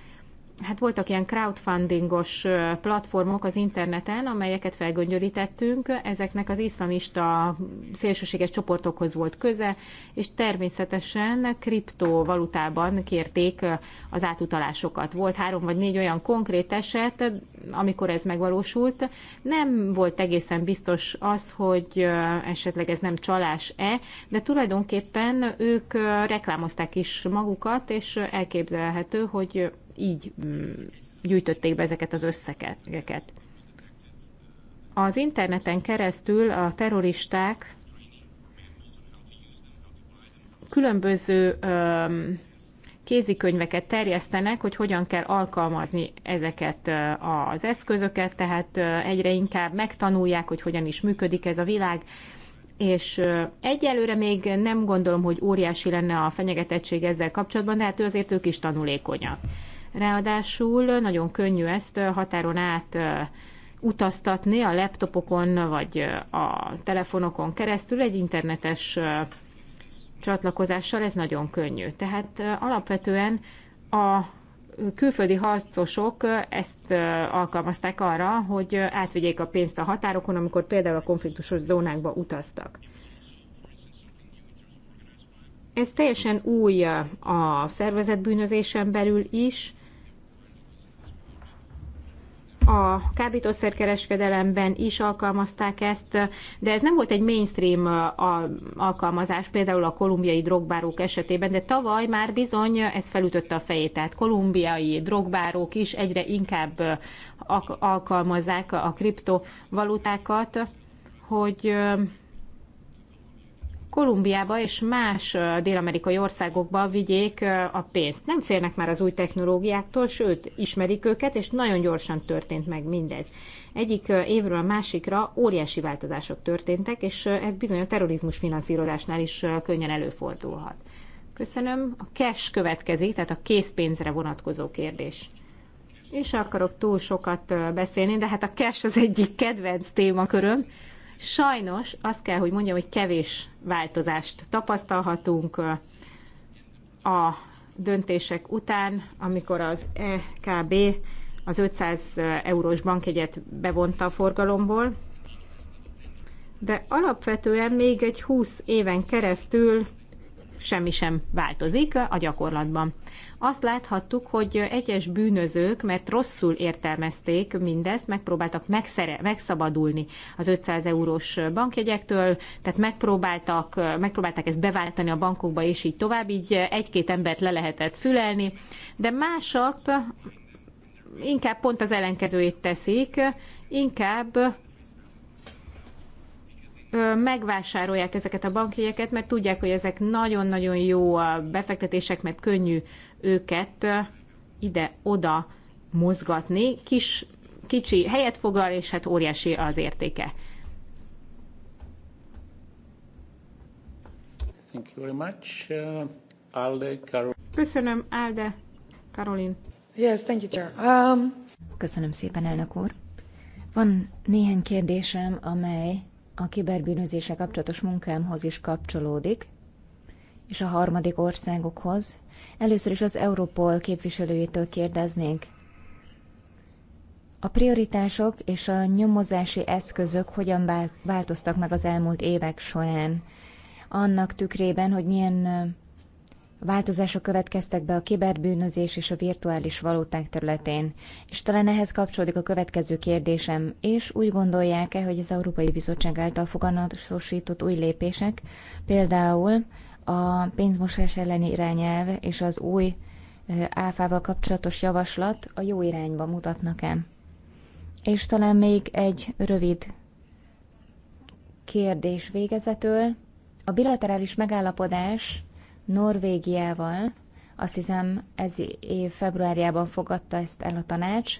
hát voltak ilyen crowdfundingos platformok az interneten, amelyeket felgöngyölítettünk, ezeknek az iszlamista szélsőséges csoportokhoz volt köze, és természetesen kriptovalutában kérték az átutalásokat. Volt három vagy négy olyan konkrét eset, amikor ez megvalósult. Nem volt egészen biztos az, hogy esetleg ez nem csalás-e, de tulajdonképpen ők reklámozták is magukat, és elképzelhető, hogy így mm, gyűjtötték be ezeket az összegeket. Az interneten keresztül a terroristák különböző kézikönyveket terjesztenek, hogy hogyan kell alkalmazni ezeket az eszközöket, tehát egyre inkább megtanulják, hogy hogyan is működik ez a világ, és egyelőre még nem gondolom, hogy óriási lenne a fenyegetettség ezzel kapcsolatban, de hát azért ők is tanulékonyak. Ráadásul nagyon könnyű ezt határon át utaztatni a laptopokon vagy a telefonokon keresztül egy internetes csatlakozással, ez nagyon könnyű. Tehát alapvetően a külföldi harcosok ezt alkalmazták arra, hogy átvigyék a pénzt a határokon, amikor például a konfliktusos zónákba utaztak. Ez teljesen új a szervezetbűnözésen belül is, a kábítószerkereskedelemben is alkalmazták ezt, de ez nem volt egy mainstream alkalmazás, például a kolumbiai drogbárók esetében, de tavaly már bizony ez felütötte a fejét, tehát kolumbiai drogbárók is egyre inkább alkalmazzák a kriptovalutákat, hogy Kolumbiába és más dél-amerikai országokba vigyék a pénzt. Nem félnek már az új technológiáktól, sőt, ismerik őket, és nagyon gyorsan történt meg mindez. Egyik évről a másikra óriási változások történtek, és ez bizony a terrorizmus finanszírozásnál is könnyen előfordulhat. Köszönöm. A cash következik, tehát a készpénzre vonatkozó kérdés. És akarok túl sokat beszélni, de hát a cash az egyik kedvenc témaköröm. Sajnos azt kell, hogy mondjam, hogy kevés változást tapasztalhatunk a döntések után, amikor az EKB az 500 eurós bankjegyet bevonta a forgalomból, de alapvetően még egy 20 éven keresztül semmi sem változik a gyakorlatban azt láthattuk, hogy egyes bűnözők, mert rosszul értelmezték mindezt, megpróbáltak megszere, megszabadulni az 500 eurós bankjegyektől, tehát megpróbáltak, megpróbálták ezt beváltani a bankokba, és így tovább, így egy-két embert le lehetett fülelni, de mások inkább pont az ellenkezőjét teszik, inkább megvásárolják ezeket a bankjegyeket, mert tudják, hogy ezek nagyon-nagyon jó befektetések, mert könnyű őket ide-oda mozgatni. Kis, kicsi helyet foglal, és hát óriási az értéke. Thank you very much. Uh, Alde, Köszönöm, Alde, Karolin. Yes, thank you, Chair. Um... Köszönöm szépen, elnök úr. Van néhány kérdésem, amely a kiberbűnözése kapcsolatos munkámhoz is kapcsolódik, és a harmadik országokhoz, Először is az Europol képviselőjétől kérdeznénk. A prioritások és a nyomozási eszközök hogyan változtak meg az elmúlt évek során? Annak tükrében, hogy milyen változások következtek be a kiberbűnözés és a virtuális valóták területén. És talán ehhez kapcsolódik a következő kérdésem, és úgy gondolják-e, hogy az Európai Bizottság által foganatosított új lépések, például a pénzmosás elleni irányelv és az új áfával kapcsolatos javaslat a jó irányba mutatnak-e? És talán még egy rövid kérdés végezetül. A bilaterális megállapodás Norvégiával, azt hiszem ez év februárjában fogadta ezt el a tanács.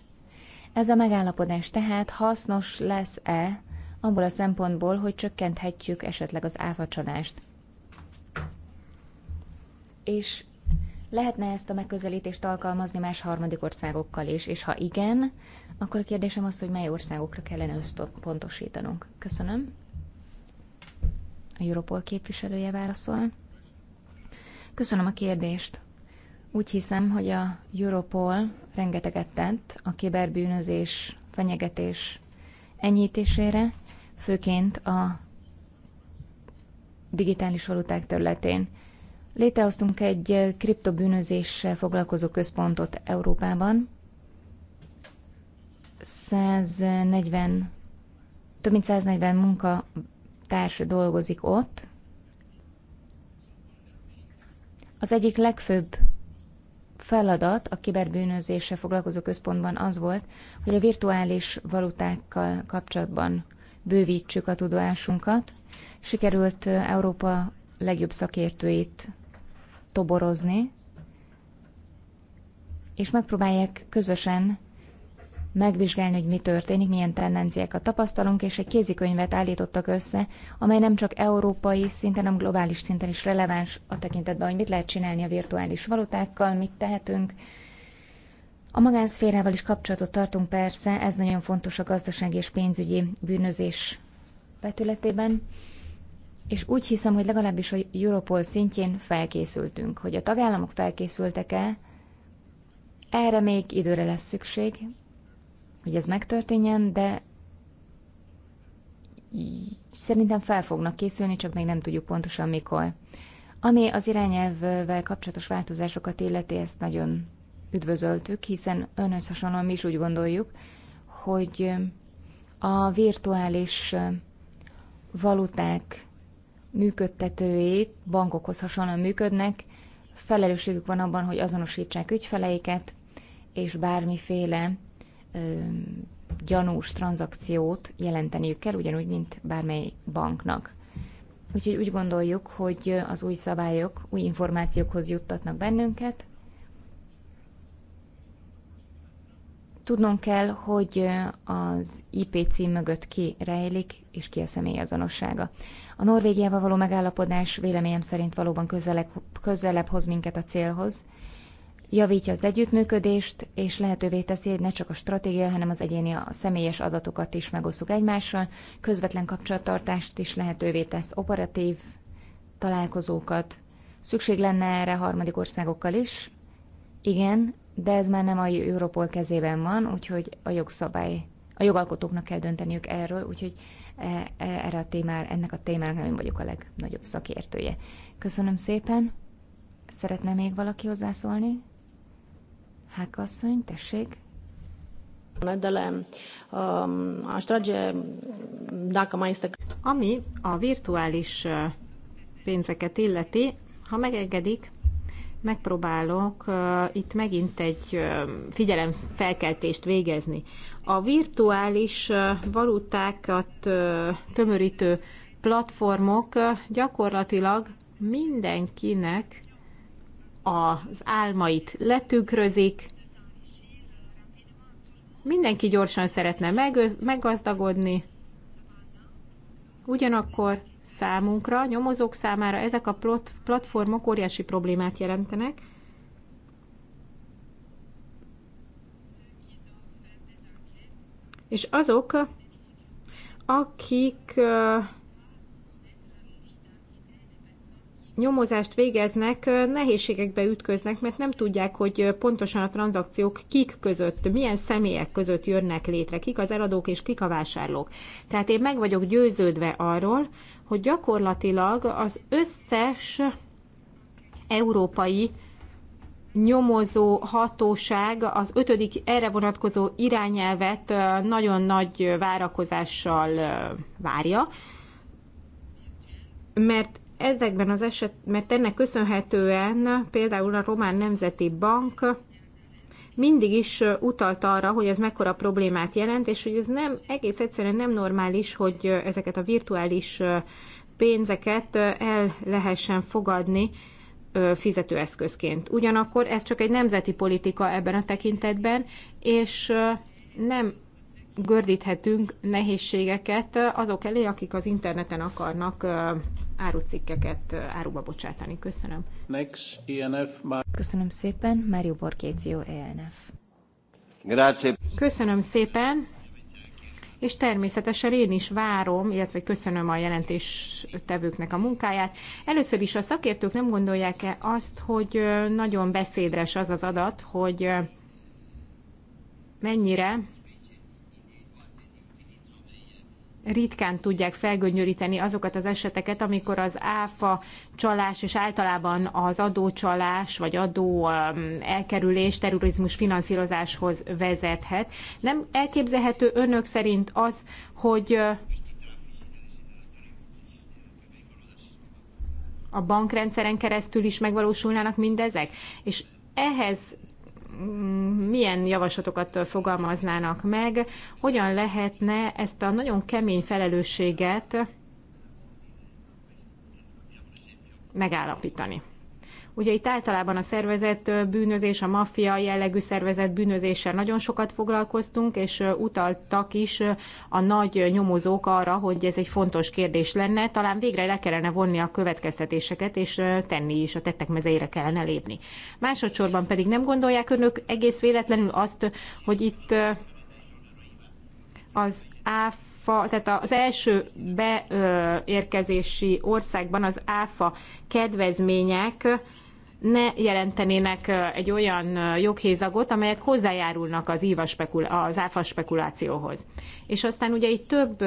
Ez a megállapodás tehát hasznos lesz-e abból a szempontból, hogy csökkenthetjük esetleg az áfacsalást? és lehetne ezt a megközelítést alkalmazni más harmadik országokkal is, és ha igen, akkor a kérdésem az, hogy mely országokra kellene összpontosítanunk. Köszönöm. A Europol képviselője válaszol. Köszönöm a kérdést. Úgy hiszem, hogy a Europol rengeteget tett a kiberbűnözés, fenyegetés enyhítésére, főként a digitális valuták területén. Létrehoztunk egy kriptobűnözéssel foglalkozó központot Európában. 140, több mint 140 munkatárs dolgozik ott. Az egyik legfőbb feladat a kiberbűnözéssel foglalkozó központban az volt, hogy a virtuális valutákkal kapcsolatban bővítsük a tudásunkat. Sikerült Európa legjobb szakértőit toborozni, és megpróbálják közösen megvizsgálni, hogy mi történik, milyen tendenciákat tapasztalunk, és egy kézikönyvet állítottak össze, amely nem csak európai szinten, hanem globális szinten is releváns a tekintetben, hogy mit lehet csinálni a virtuális valutákkal, mit tehetünk. A magánszférával is kapcsolatot tartunk persze, ez nagyon fontos a gazdasági és pénzügyi bűnözés betületében és úgy hiszem, hogy legalábbis a Europol szintjén felkészültünk, hogy a tagállamok felkészültek-e, erre még időre lesz szükség, hogy ez megtörténjen, de szerintem fel fognak készülni, csak még nem tudjuk pontosan mikor. Ami az irányelvvel kapcsolatos változásokat illeti, ezt nagyon üdvözöltük, hiszen önhöz hasonlóan mi is úgy gondoljuk, hogy a virtuális valuták működtetőjét, bankokhoz hasonlóan működnek, felelősségük van abban, hogy azonosítsák ügyfeleiket, és bármiféle ö, gyanús tranzakciót jelenteniük kell, ugyanúgy, mint bármely banknak. Úgyhogy úgy gondoljuk, hogy az új szabályok új információkhoz juttatnak bennünket. Tudnunk kell, hogy az IP cím mögött ki rejlik, és ki a személy azonossága. A Norvégiával való megállapodás véleményem szerint valóban közelebb, közelebb hoz minket a célhoz, javítja az együttműködést, és lehetővé teszi, hogy ne csak a stratégia, hanem az egyéni a személyes adatokat is megosszuk egymással, közvetlen kapcsolattartást is lehetővé tesz, operatív találkozókat. Szükség lenne erre harmadik országokkal is? Igen, de ez már nem a Europol kezében van, úgyhogy a jogszabály, a jogalkotóknak kell dönteniük erről, úgyhogy E, e, erre a témára, ennek a témának nem én vagyok a legnagyobb szakértője. Köszönöm szépen. Szeretne még valaki hozzászólni? Hák asszony, tessék. Um, a Ami a virtuális pénzeket illeti, ha megengedik, megpróbálok uh, itt megint egy uh, figyelemfelkeltést végezni. A virtuális uh, valutákat uh, tömörítő platformok uh, gyakorlatilag mindenkinek az álmait letükrözik, mindenki gyorsan szeretne megöz, meggazdagodni, ugyanakkor számunkra, nyomozók számára ezek a platformok óriási problémát jelentenek, és azok, akik nyomozást végeznek, nehézségekbe ütköznek, mert nem tudják, hogy pontosan a tranzakciók kik között, milyen személyek között jönnek létre, kik az eladók és kik a vásárlók. Tehát én meg vagyok győződve arról, hogy gyakorlatilag az összes európai nyomozó hatóság az ötödik erre vonatkozó irányelvet nagyon nagy várakozással várja, mert ezekben az eset, mert ennek köszönhetően például a Román Nemzeti Bank mindig is utalt arra, hogy ez mekkora problémát jelent, és hogy ez nem egész egyszerűen nem normális, hogy ezeket a virtuális pénzeket el lehessen fogadni fizetőeszközként. Ugyanakkor ez csak egy nemzeti politika ebben a tekintetben, és nem gördíthetünk nehézségeket azok elé, akik az interneten akarnak árucikkeket áruba bocsátani. Köszönöm. Next, e Mar- Köszönöm szépen, Mário Borgézió, ENF. Grazie. Köszönöm szépen, és természetesen én is várom, illetve köszönöm a jelentéstevőknek a munkáját. Először is a szakértők nem gondolják-e azt, hogy nagyon beszédes az az adat, hogy mennyire ritkán tudják felgönyöríteni azokat az eseteket, amikor az áfa csalás és általában az adócsalás vagy adó um, elkerülés terrorizmus finanszírozáshoz vezethet. Nem elképzelhető önök szerint az, hogy uh, a bankrendszeren keresztül is megvalósulnának mindezek? És ehhez milyen javaslatokat fogalmaznának meg, hogyan lehetne ezt a nagyon kemény felelősséget megállapítani. Ugye itt általában a szervezett bűnözés, a maffia jellegű szervezett bűnözéssel nagyon sokat foglalkoztunk, és utaltak is a nagy nyomozók arra, hogy ez egy fontos kérdés lenne. Talán végre le kellene vonni a következtetéseket, és tenni is, a tettek mezeire kellene lépni. Másodszorban pedig nem gondolják önök egész véletlenül azt, hogy itt az áf áfa, tehát az első beérkezési országban az áfa kedvezmények ne jelentenének egy olyan joghézagot, amelyek hozzájárulnak az, íva spekul- az áfa spekulációhoz. És aztán ugye itt több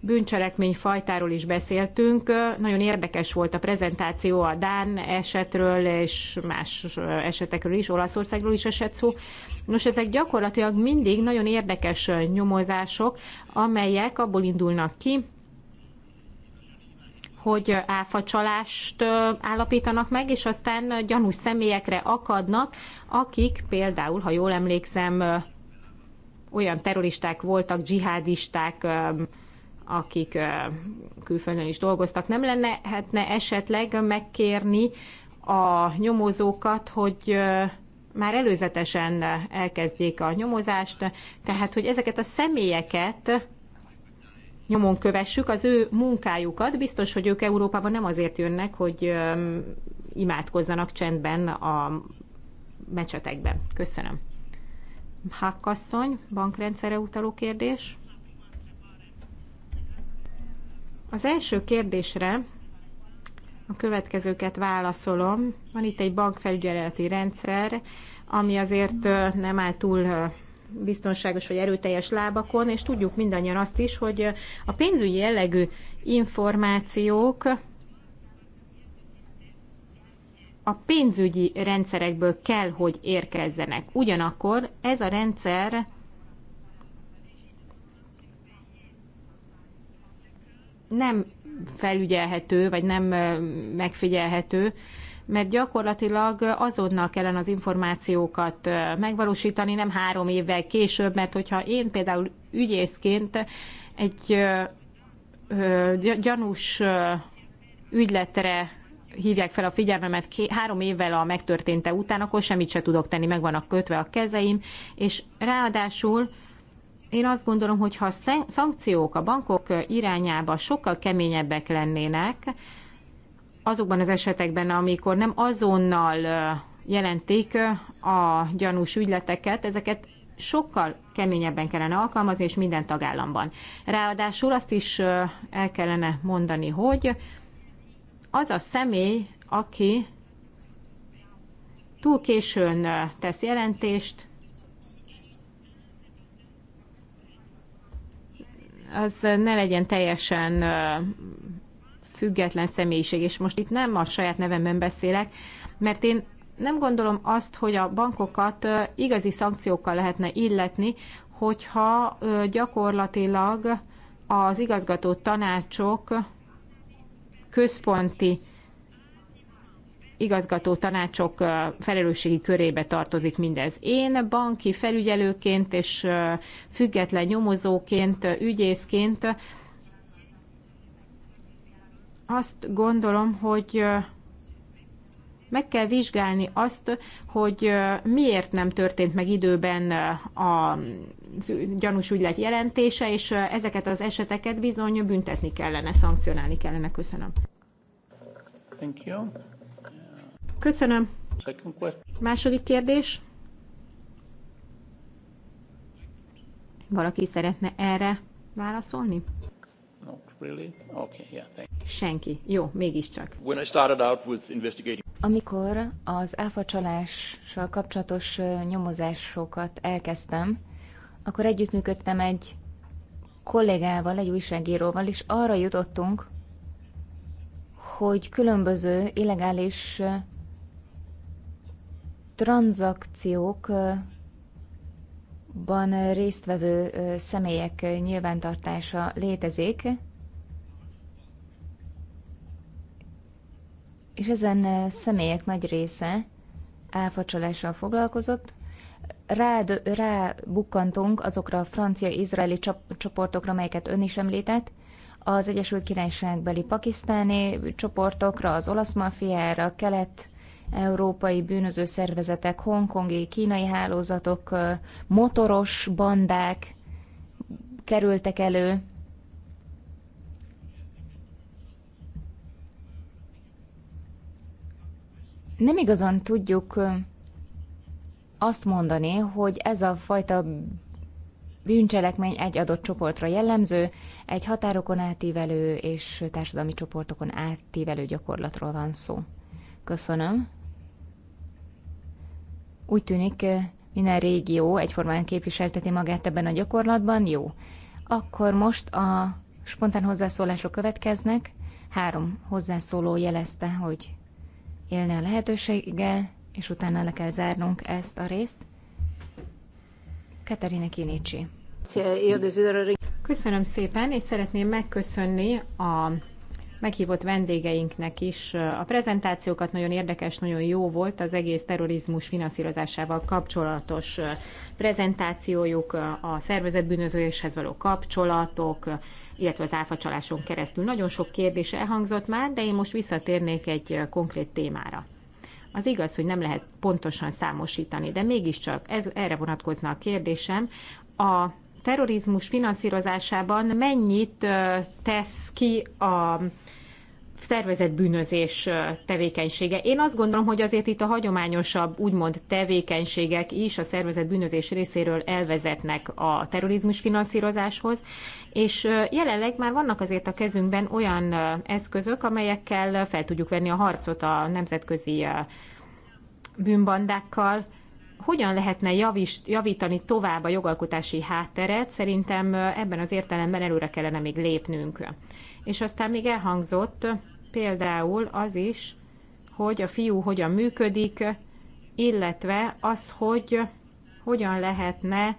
bűncselekmény fajtáról is beszéltünk. Nagyon érdekes volt a prezentáció a Dán esetről és más esetekről is, Olaszországról is esett szó. Nos, ezek gyakorlatilag mindig nagyon érdekes nyomozások, amelyek abból indulnak ki, hogy áfacsalást állapítanak meg, és aztán gyanús személyekre akadnak, akik például, ha jól emlékszem, olyan terroristák voltak, dzsihádisták, akik külföldön is dolgoztak. Nem lenne esetleg megkérni a nyomozókat, hogy már előzetesen elkezdjék a nyomozást, tehát hogy ezeket a személyeket nyomon kövessük az ő munkájukat. Biztos, hogy ők Európában nem azért jönnek, hogy imádkozzanak csendben a mecsetekben. Köszönöm. Hákkasszony, bankrendszere utaló kérdés. Az első kérdésre a következőket válaszolom. Van itt egy bankfelügyeleti rendszer, ami azért nem áll túl biztonságos vagy erőteljes lábakon, és tudjuk mindannyian azt is, hogy a pénzügyi jellegű információk a pénzügyi rendszerekből kell, hogy érkezzenek. Ugyanakkor ez a rendszer nem felügyelhető, vagy nem megfigyelhető mert gyakorlatilag azonnal kellene az információkat megvalósítani, nem három évvel később, mert hogyha én például ügyészként egy gyanús ügyletre hívják fel a figyelmemet három évvel a megtörténte után, akkor semmit se tudok tenni, meg vannak kötve a kezeim, és ráadásul én azt gondolom, hogy ha a szankciók a bankok irányába sokkal keményebbek lennének, azokban az esetekben, amikor nem azonnal jelentik a gyanús ügyleteket, ezeket sokkal keményebben kellene alkalmazni, és minden tagállamban. Ráadásul azt is el kellene mondani, hogy az a személy, aki túl későn tesz jelentést, az ne legyen teljesen független személyiség, és most itt nem a saját nevemben beszélek, mert én nem gondolom azt, hogy a bankokat igazi szankciókkal lehetne illetni, hogyha gyakorlatilag az igazgató tanácsok központi igazgató tanácsok felelősségi körébe tartozik mindez. Én banki felügyelőként és független nyomozóként, ügyészként azt gondolom, hogy meg kell vizsgálni azt, hogy miért nem történt meg időben a gyanús ügylet jelentése, és ezeket az eseteket bizony büntetni kellene, szankcionálni kellene. Köszönöm. Thank you. Köszönöm. Második kérdés. Valaki szeretne erre válaszolni? Really? Okay, yeah, thank you. Senki. Jó, mégiscsak. When I started out with investigating... Amikor az áfa csalással kapcsolatos nyomozásokat elkezdtem, akkor együttműködtem egy kollégával, egy újságíróval, és arra jutottunk, hogy különböző illegális tranzakciókban résztvevő személyek nyilvántartása létezik, és ezen személyek nagy része áfacsalással foglalkozott, rá, rá bukkantunk azokra a francia-izraeli csoportokra, melyeket ön is említett, az Egyesült Királyságbeli pakisztáni csoportokra, az olasz mafiára, kelet európai bűnöző szervezetek, hongkongi, kínai hálózatok, motoros bandák kerültek elő, nem igazán tudjuk azt mondani, hogy ez a fajta bűncselekmény egy adott csoportra jellemző, egy határokon átívelő és társadalmi csoportokon átívelő gyakorlatról van szó. Köszönöm. Úgy tűnik, minden régió egyformán képviselteti magát ebben a gyakorlatban, jó. Akkor most a spontán hozzászólások következnek. Három hozzászóló jelezte, hogy élni a lehetőséggel, és utána le kell zárnunk ezt a részt. Katarina Kinicsi. Köszönöm szépen, és szeretném megköszönni a meghívott vendégeinknek is a prezentációkat. Nagyon érdekes, nagyon jó volt az egész terrorizmus finanszírozásával kapcsolatos prezentációjuk, a szervezetbűnözéshez való kapcsolatok, illetve az áfacsaláson keresztül. Nagyon sok kérdés elhangzott már, de én most visszatérnék egy konkrét témára. Az igaz, hogy nem lehet pontosan számosítani, de mégiscsak ez, erre vonatkozna a kérdésem. A terrorizmus finanszírozásában mennyit tesz ki a szervezett bűnözés tevékenysége. Én azt gondolom, hogy azért itt a hagyományosabb, úgymond tevékenységek is a szervezett bűnözés részéről elvezetnek a terrorizmus finanszírozáshoz, és jelenleg már vannak azért a kezünkben olyan eszközök, amelyekkel fel tudjuk venni a harcot a nemzetközi bűnbandákkal, hogyan lehetne javist, javítani tovább a jogalkotási hátteret, szerintem ebben az értelemben előre kellene még lépnünk. És aztán még elhangzott például az is, hogy a fiú hogyan működik, illetve az, hogy hogyan lehetne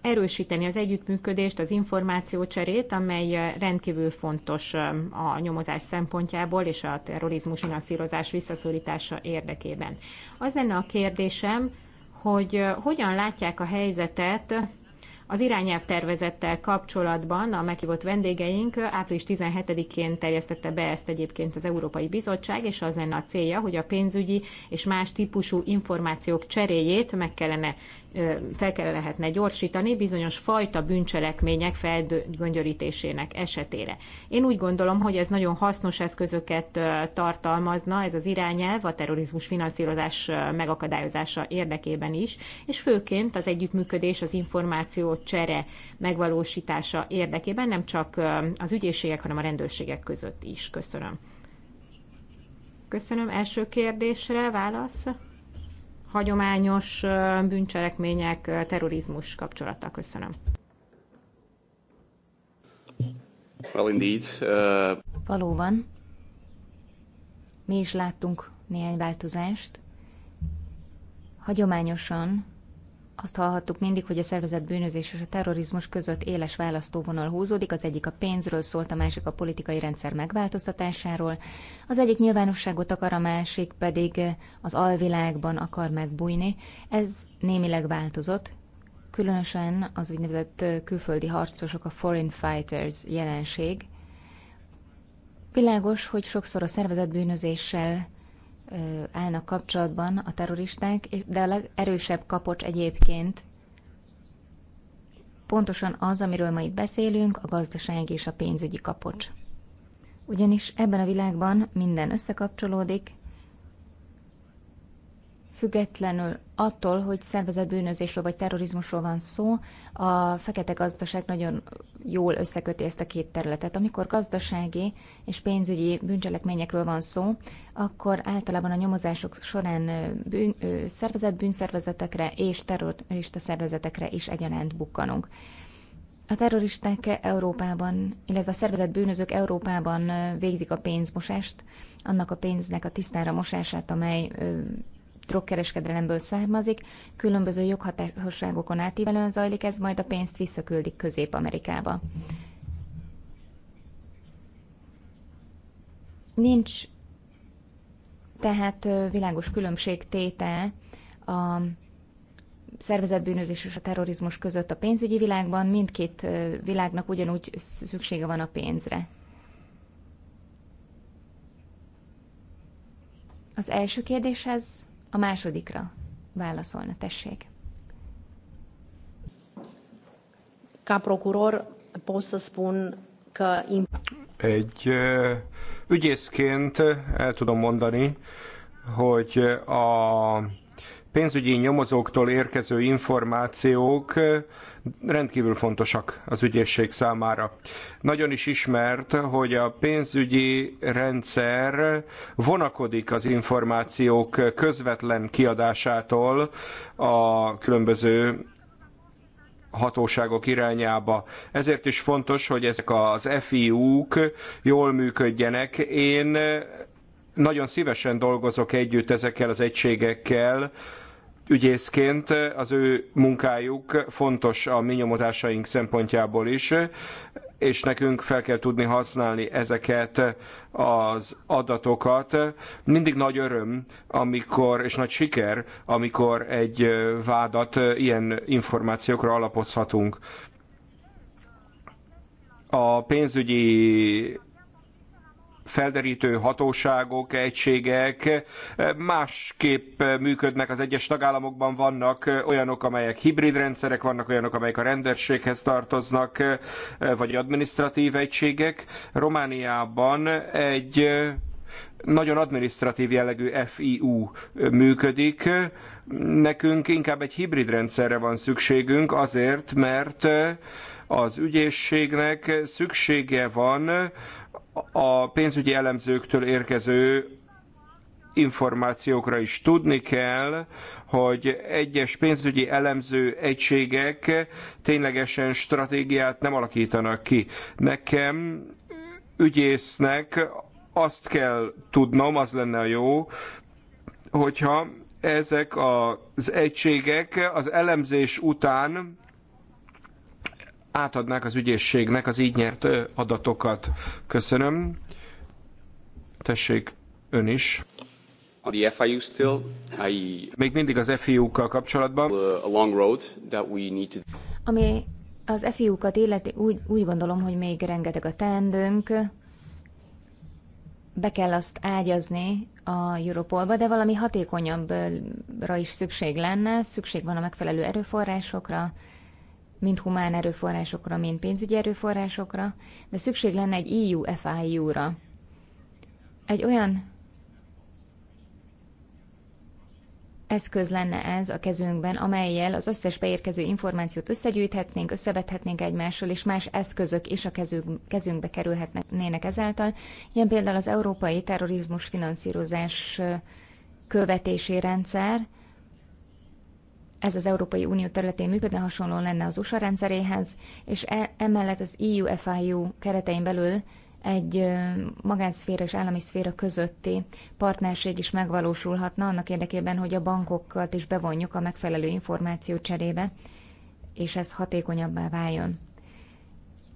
erősíteni az együttműködést, az információcserét, amely rendkívül fontos um, a nyomozás szempontjából és a terrorizmus finanszírozás visszaszorítása érdekében. Az lenne a kérdésem, hogy uh, hogyan látják a helyzetet az irányelv tervezettel kapcsolatban a meghívott vendégeink április 17-én terjesztette be ezt egyébként az Európai Bizottság, és az lenne a célja, hogy a pénzügyi és más típusú információk cseréjét meg kellene fel kell lehetne gyorsítani bizonyos fajta bűncselekmények felgöngyörítésének esetére. Én úgy gondolom, hogy ez nagyon hasznos eszközöket tartalmazna, ez az irányelv a terrorizmus finanszírozás megakadályozása érdekében is, és főként az együttműködés, az információ csere megvalósítása érdekében, nem csak az ügyészségek, hanem a rendőrségek között is. Köszönöm. Köszönöm. Első kérdésre válasz hagyományos bűncselekmények, terrorizmus kapcsolata. Köszönöm. Well, indeed. Uh... Valóban. Mi is láttunk néhány változást. Hagyományosan azt hallhattuk mindig, hogy a szervezett bűnözés és a terrorizmus között éles választóvonal húzódik, az egyik a pénzről szólt, a másik a politikai rendszer megváltoztatásáról, az egyik nyilvánosságot akar, a másik pedig az alvilágban akar megbújni. Ez némileg változott, különösen az úgynevezett külföldi harcosok, a foreign fighters jelenség. Világos, hogy sokszor a szervezett bűnözéssel állnak kapcsolatban a terroristák, de a legerősebb kapocs egyébként pontosan az, amiről ma itt beszélünk, a gazdaság és a pénzügyi kapocs. Ugyanis ebben a világban minden összekapcsolódik, függetlenül attól, hogy szervezett bűnözésről vagy terrorizmusról van szó, a fekete gazdaság nagyon jól összeköti ezt a két területet. Amikor gazdasági és pénzügyi bűncselekményekről van szó, akkor általában a nyomozások során bűn, szervezett bűnszervezetekre és terrorista szervezetekre is egyaránt bukkanunk. A terroristák Európában, illetve a szervezett bűnözők Európában végzik a pénzmosást, annak a pénznek a tisztára mosását, amely drogkereskedelemből származik, különböző joghatóságokon átívelően zajlik ez, majd a pénzt visszaküldik Közép-Amerikába. Nincs tehát világos téte a szervezetbűnözés és a terrorizmus között a pénzügyi világban, mindkét világnak ugyanúgy szüksége van a pénzre. Az első kérdéshez a másodikra válaszolna, tessék. Ca procuror Egy ügyészként el tudom mondani, hogy a pénzügyi nyomozóktól érkező információk eh, rendkívül fontosak az ügyészség számára. Nagyon is ismert, hogy a pénzügyi rendszer vonakodik az információk közvetlen kiadásától a különböző hatóságok irányába. Ezért is fontos, hogy ezek az FIU-k jól működjenek. Én nagyon szívesen dolgozok együtt ezekkel az egységekkel, ügyészként az ő munkájuk fontos a mi nyomozásaink szempontjából is, és nekünk fel kell tudni használni ezeket az adatokat. Mindig nagy öröm, amikor, és nagy siker, amikor egy vádat ilyen információkra alapozhatunk. A pénzügyi felderítő hatóságok, egységek másképp működnek az egyes tagállamokban, vannak olyanok, amelyek hibrid rendszerek, vannak olyanok, amelyek a rendőrséghez tartoznak, vagy administratív egységek. Romániában egy nagyon administratív jellegű FIU működik. Nekünk inkább egy hibrid rendszerre van szükségünk azért, mert az ügyészségnek szüksége van a pénzügyi elemzőktől érkező információkra is tudni kell, hogy egyes pénzügyi elemző egységek ténylegesen stratégiát nem alakítanak ki. Nekem ügyésznek azt kell tudnom, az lenne a jó, hogyha ezek az egységek az elemzés után átadnák az ügyészségnek az így nyert adatokat. Köszönöm. Tessék, ön is. The FIU still, I... Még mindig az FIU-kkal kapcsolatban. A long road that we need to... Ami az FIU-kat illeti, úgy, úgy gondolom, hogy még rengeteg a teendőnk. Be kell azt ágyazni a Europolba, de valami hatékonyabbra is szükség lenne. Szükség van a megfelelő erőforrásokra, mind humán erőforrásokra, mind pénzügyi erőforrásokra, de szükség lenne egy EU-FIU-ra. Egy olyan eszköz lenne ez a kezünkben, amelyel az összes beérkező információt összegyűjthetnénk, összevethetnénk egymással, és más eszközök is a kezünk, kezünkbe kerülhetnének ezáltal. Ilyen például az Európai Terrorizmus Finanszírozás követési rendszer, ez az Európai Unió területén működne, hasonlóan lenne az USA rendszeréhez, és e, emellett az EU-FIU keretein belül egy magánszféra és állami szféra közötti partnerség is megvalósulhatna annak érdekében, hogy a bankokat is bevonjuk a megfelelő információ cserébe, és ez hatékonyabbá váljon.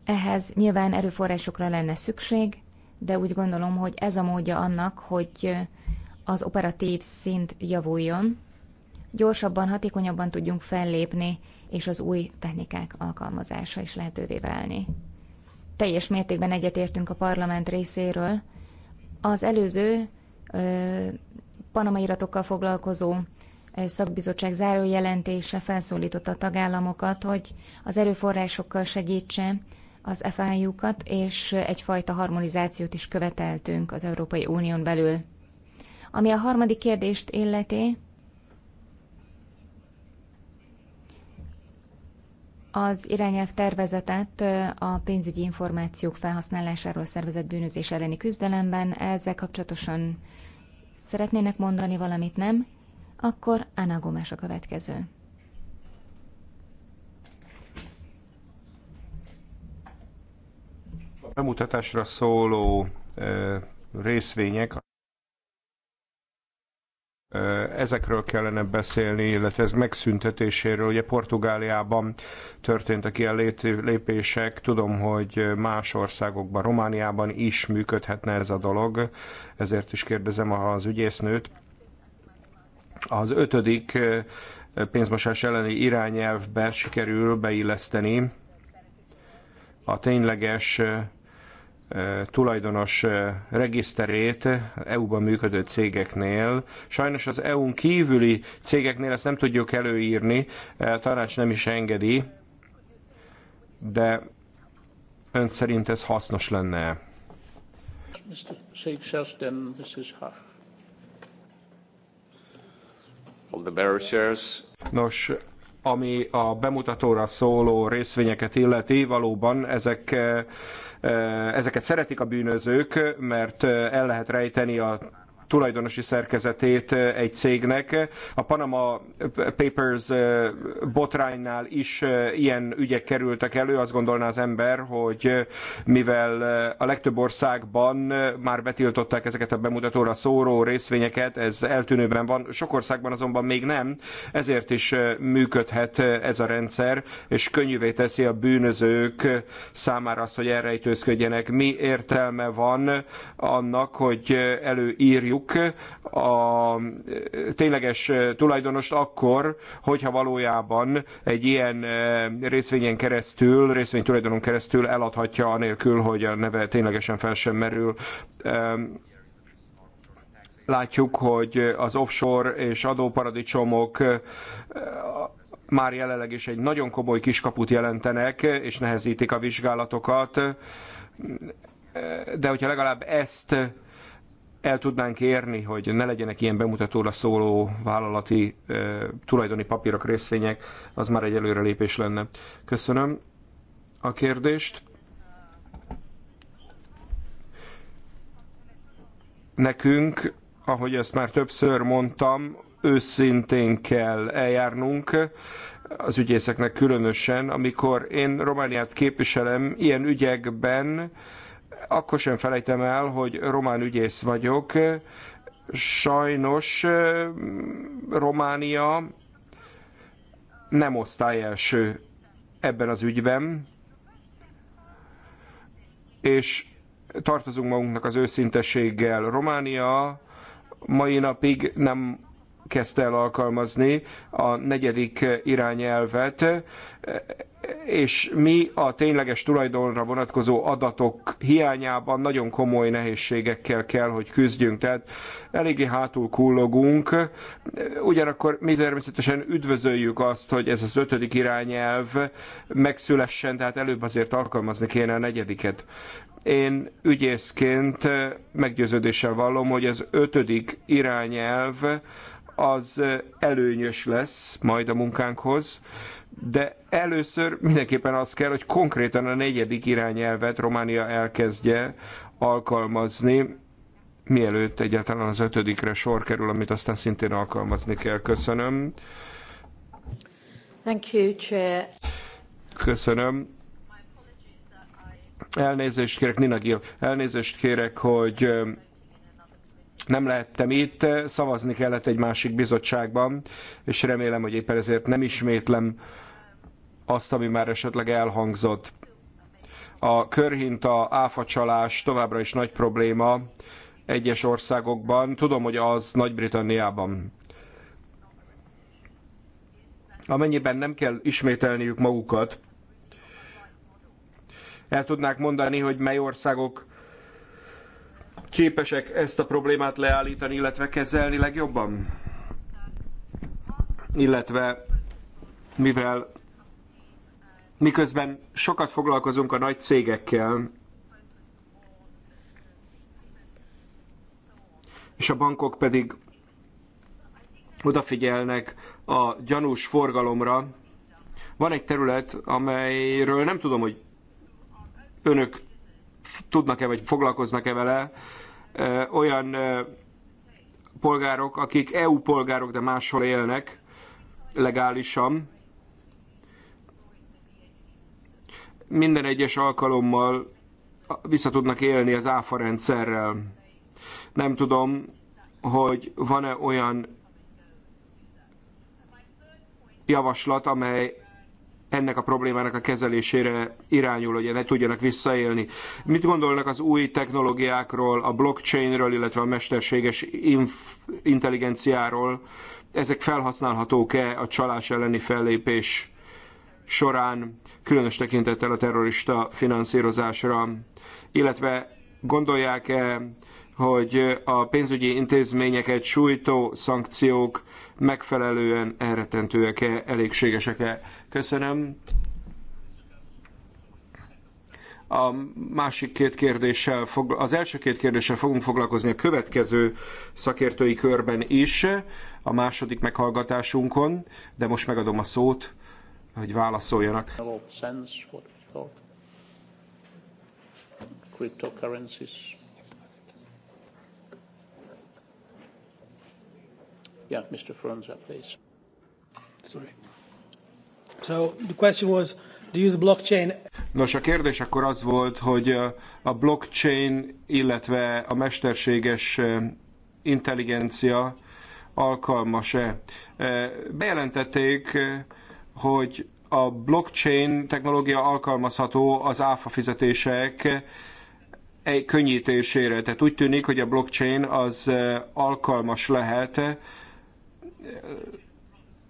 Ehhez nyilván erőforrásokra lenne szükség, de úgy gondolom, hogy ez a módja annak, hogy az operatív szint javuljon, gyorsabban, hatékonyabban tudjunk fellépni, és az új technikák alkalmazása is lehetővé válni. Teljes mértékben egyetértünk a parlament részéről. Az előző ö, panamai iratokkal foglalkozó szakbizottság záró jelentése felszólította a tagállamokat, hogy az erőforrásokkal segítse az FIU-kat, és egyfajta harmonizációt is követeltünk az Európai Unión belül. Ami a harmadik kérdést illeti, az irányelv tervezetet a pénzügyi információk felhasználásáról szervezett bűnözés elleni küzdelemben. Ezzel kapcsolatosan szeretnének mondani valamit, nem? Akkor Anna Gomes a következő. A bemutatásra szóló részvények ezekről kellene beszélni, illetve ez megszüntetéséről. Ugye Portugáliában történtek ilyen lépések, tudom, hogy más országokban, Romániában is működhetne ez a dolog, ezért is kérdezem az ügyésznőt. Az ötödik pénzmosás elleni irányelvbe sikerül beilleszteni a tényleges tulajdonos regiszterét EU-ban működő cégeknél. Sajnos az EU-n kívüli cégeknél ezt nem tudjuk előírni, a tanács nem is engedi, de ön szerint ez hasznos lenne? Mr. Mrs. Nos, ami a bemutatóra szóló részvényeket illeti, valóban ezek, eh, eh, ezeket szeretik a bűnözők, mert eh, el lehet rejteni a tulajdonosi szerkezetét egy cégnek. A Panama Papers botránynál is ilyen ügyek kerültek elő. Azt gondolná az ember, hogy mivel a legtöbb országban már betiltották ezeket a bemutatóra szóró részvényeket, ez eltűnőben van. Sok országban azonban még nem, ezért is működhet ez a rendszer, és könnyűvé teszi a bűnözők számára azt, hogy elrejtőzködjenek. Mi értelme van annak, hogy előírjuk, megtaláljuk a e, tényleges tulajdonost akkor, hogyha valójában egy ilyen e, részvényen keresztül, részvénytulajdonon keresztül eladhatja anélkül, hogy a neve ténylegesen fel sem merül e, látjuk, hogy az offshore és adóparadicsomok már jelenleg is egy nagyon komoly kiskaput jelentenek, és nehezítik a vizsgálatokat. De hogyha legalább ezt el tudnánk érni, hogy ne legyenek ilyen bemutatóra szóló vállalati tulajdoni papírok, részvények, az már egy előrelépés lenne. Köszönöm a kérdést. Nekünk, ahogy ezt már többször mondtam, őszintén kell eljárnunk, az ügyészeknek különösen. Amikor én Romániát képviselem, ilyen ügyekben akkor sem felejtem el, hogy román ügyész vagyok. Sajnos Románia nem első ebben az ügyben, és tartozunk magunknak az őszintességgel. Románia mai napig nem kezdte el alkalmazni a negyedik irányelvet, és mi a tényleges tulajdonra vonatkozó adatok hiányában nagyon komoly nehézségekkel kell, hogy küzdjünk. Tehát eléggé hátul kullogunk. Ugyanakkor mi természetesen üdvözöljük azt, hogy ez az ötödik irányelv megszülessen, tehát előbb azért alkalmazni kéne a negyediket. Én ügyészként meggyőződéssel vallom, hogy az ötödik irányelv az előnyös lesz majd a munkánkhoz, de először mindenképpen az kell, hogy konkrétan a negyedik irányelvet Románia elkezdje alkalmazni, mielőtt egyáltalán az ötödikre sor kerül, amit aztán szintén alkalmazni kell. Köszönöm. Thank you, Chair. Köszönöm. Elnézést kérek, Nina Gil, elnézést kérek, hogy nem lehettem itt, eh, szavazni kellett egy másik bizottságban, és remélem, hogy éppen ezért nem ismétlem azt, ami már esetleg elhangzott. A körhinta áfacsalás továbbra is nagy probléma egyes országokban. Tudom, hogy az Nagy-Britanniában. Amennyiben nem kell ismételniük magukat, el tudnák mondani, hogy mely országok képesek ezt a problémát leállítani, illetve kezelni legjobban? Illetve mivel miközben sokat foglalkozunk a nagy cégekkel, és a bankok pedig odafigyelnek a gyanús forgalomra. Van egy terület, amelyről nem tudom, hogy önök tudnak-e vagy foglalkoznak-e vele, olyan polgárok, akik EU polgárok, de máshol élnek legálisan. Minden egyes alkalommal vissza tudnak élni az áfa rendszerrel. Nem tudom, hogy van-e olyan javaslat, amely ennek a problémának a kezelésére irányul, hogy ne tudjanak visszaélni. Mit gondolnak az új technológiákról, a blockchainről, illetve a mesterséges intelligenciáról? Ezek felhasználhatók-e a csalás elleni fellépés során, különös tekintettel a terrorista finanszírozásra, illetve gondolják-e hogy a pénzügyi intézményeket sújtó szankciók megfelelően elretentőek-e, elégségesek-e. Köszönöm. A másik két kérdéssel, fog, az első két kérdéssel fogunk foglalkozni a következő szakértői körben is, a második meghallgatásunkon, de most megadom a szót, hogy válaszoljanak. Cryptocurrencies Yeah, Mr. Fronza, please. Sorry. So the question was, do you use blockchain? Nos, a kérdés akkor az volt, hogy a blockchain, illetve a mesterséges intelligencia alkalmas-e. Bejelentették, hogy a blockchain technológia alkalmazható az áfa fizetések könnyítésére. Tehát úgy tűnik, hogy a blockchain az alkalmas lehet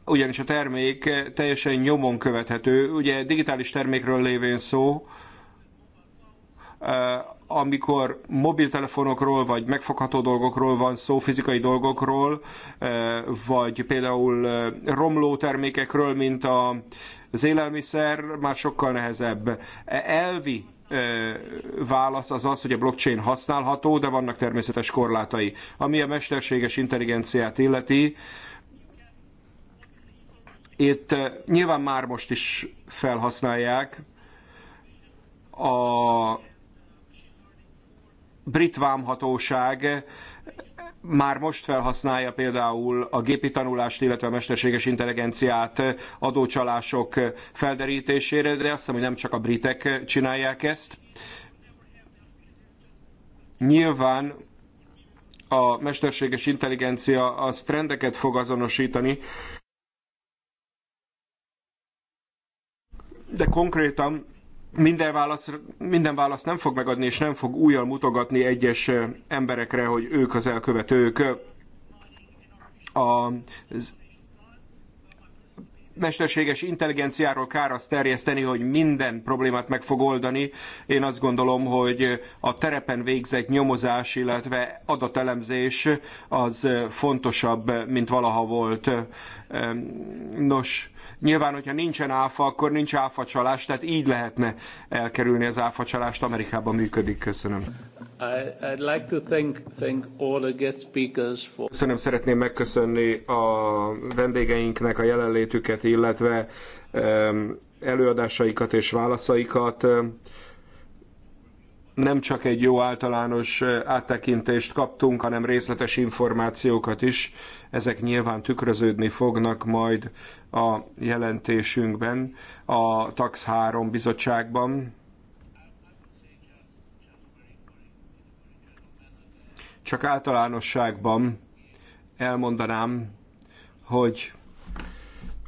ugyanis a termék teljesen nyomon követhető. Ugye digitális termékről lévén szó, amikor mobiltelefonokról, vagy megfogható dolgokról van szó, fizikai dolgokról, vagy például romló termékekről, mint az élelmiszer, már sokkal nehezebb. E, elvi válasz az az, hogy a blockchain használható, de vannak természetes korlátai. Ami a mesterséges intelligenciát illeti, itt eh, nyilván már most is felhasználják a brit vámhatóság eh, már most felhasználja például a gépi tanulást, illetve a mesterséges intelligenciát eh, adócsalások felderítésére, de azt hiszem, hogy nem csak a britek csinálják ezt. Nyilván a mesterséges intelligencia az trendeket fog azonosítani, de konkrétan minden válasz, minden válasz nem fog megadni, és nem fog újjal mutogatni egyes emberekre, hogy ők az elkövetők. a mesterséges intelligenciáról kár azt terjeszteni, hogy minden problémát meg fog oldani. Én azt gondolom, hogy a terepen végzett nyomozás, illetve adatelemzés az fontosabb, mint valaha volt. Nos, Nyilván, hogyha nincsen áfa, akkor nincs áfa csalás, tehát így lehetne elkerülni az áfa csalást. Amerikában működik. Köszönöm. I'd like to thank, thank all the guest speakers for... Köszönöm, szeretném megköszönni a vendégeinknek a jelenlétüket, illetve um, előadásaikat és válaszaikat. Um, nem csak egy jó általános áttekintést kaptunk, hanem részletes információkat is. Ezek nyilván tükröződni fognak majd a jelentésünkben, a TAX 3 bizottságban. Csak általánosságban elmondanám, hogy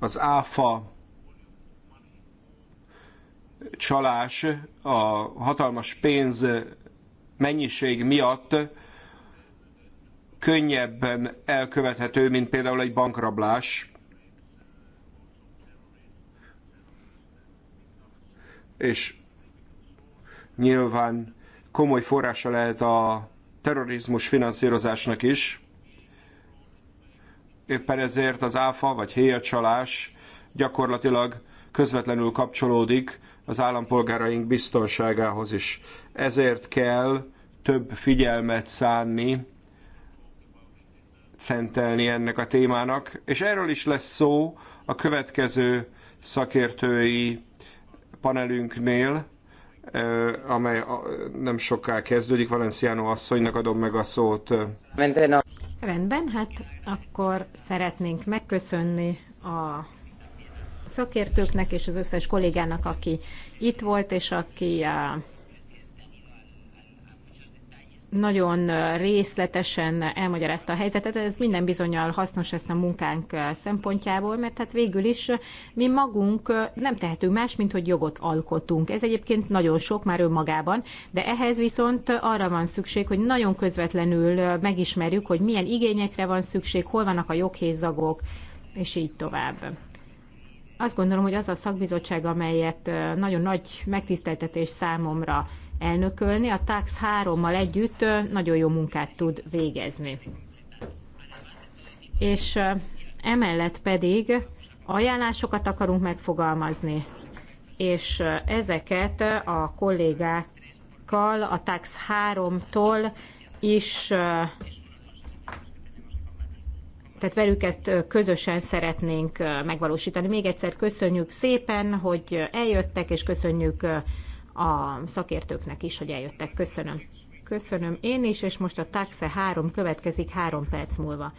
az ÁFA csalás a hatalmas pénz mennyiség miatt könnyebben elkövethető, mint például egy bankrablás. És nyilván komoly forrása lehet a terrorizmus finanszírozásnak is. Éppen ezért az áfa vagy héjacsalás gyakorlatilag közvetlenül kapcsolódik az állampolgáraink biztonságához is. Ezért kell több figyelmet szánni, szentelni ennek a témának, és erről is lesz szó a következő szakértői panelünknél, amely nem soká kezdődik. Valenciano asszonynak adom meg a szót. Rendben, hát akkor szeretnénk megköszönni a szakértőknek és az összes kollégának, aki itt volt, és aki uh, nagyon uh, részletesen elmagyarázta a helyzetet. Ez minden bizonyal hasznos lesz a munkánk uh, szempontjából, mert hát végül is mi magunk nem tehetünk más, mint hogy jogot alkotunk. Ez egyébként nagyon sok már önmagában, de ehhez viszont arra van szükség, hogy nagyon közvetlenül megismerjük, hogy milyen igényekre van szükség, hol vannak a joghézzagok, és így tovább azt gondolom, hogy az a szakbizottság, amelyet nagyon nagy megtiszteltetés számomra elnökölni, a TAX 3-mal együtt nagyon jó munkát tud végezni. És emellett pedig ajánlásokat akarunk megfogalmazni, és ezeket a kollégákkal a TAX 3-tól is tehát velük ezt közösen szeretnénk megvalósítani. Még egyszer köszönjük szépen, hogy eljöttek, és köszönjük a szakértőknek is, hogy eljöttek. Köszönöm. Köszönöm én is, és most a taxe 3 következik három perc múlva.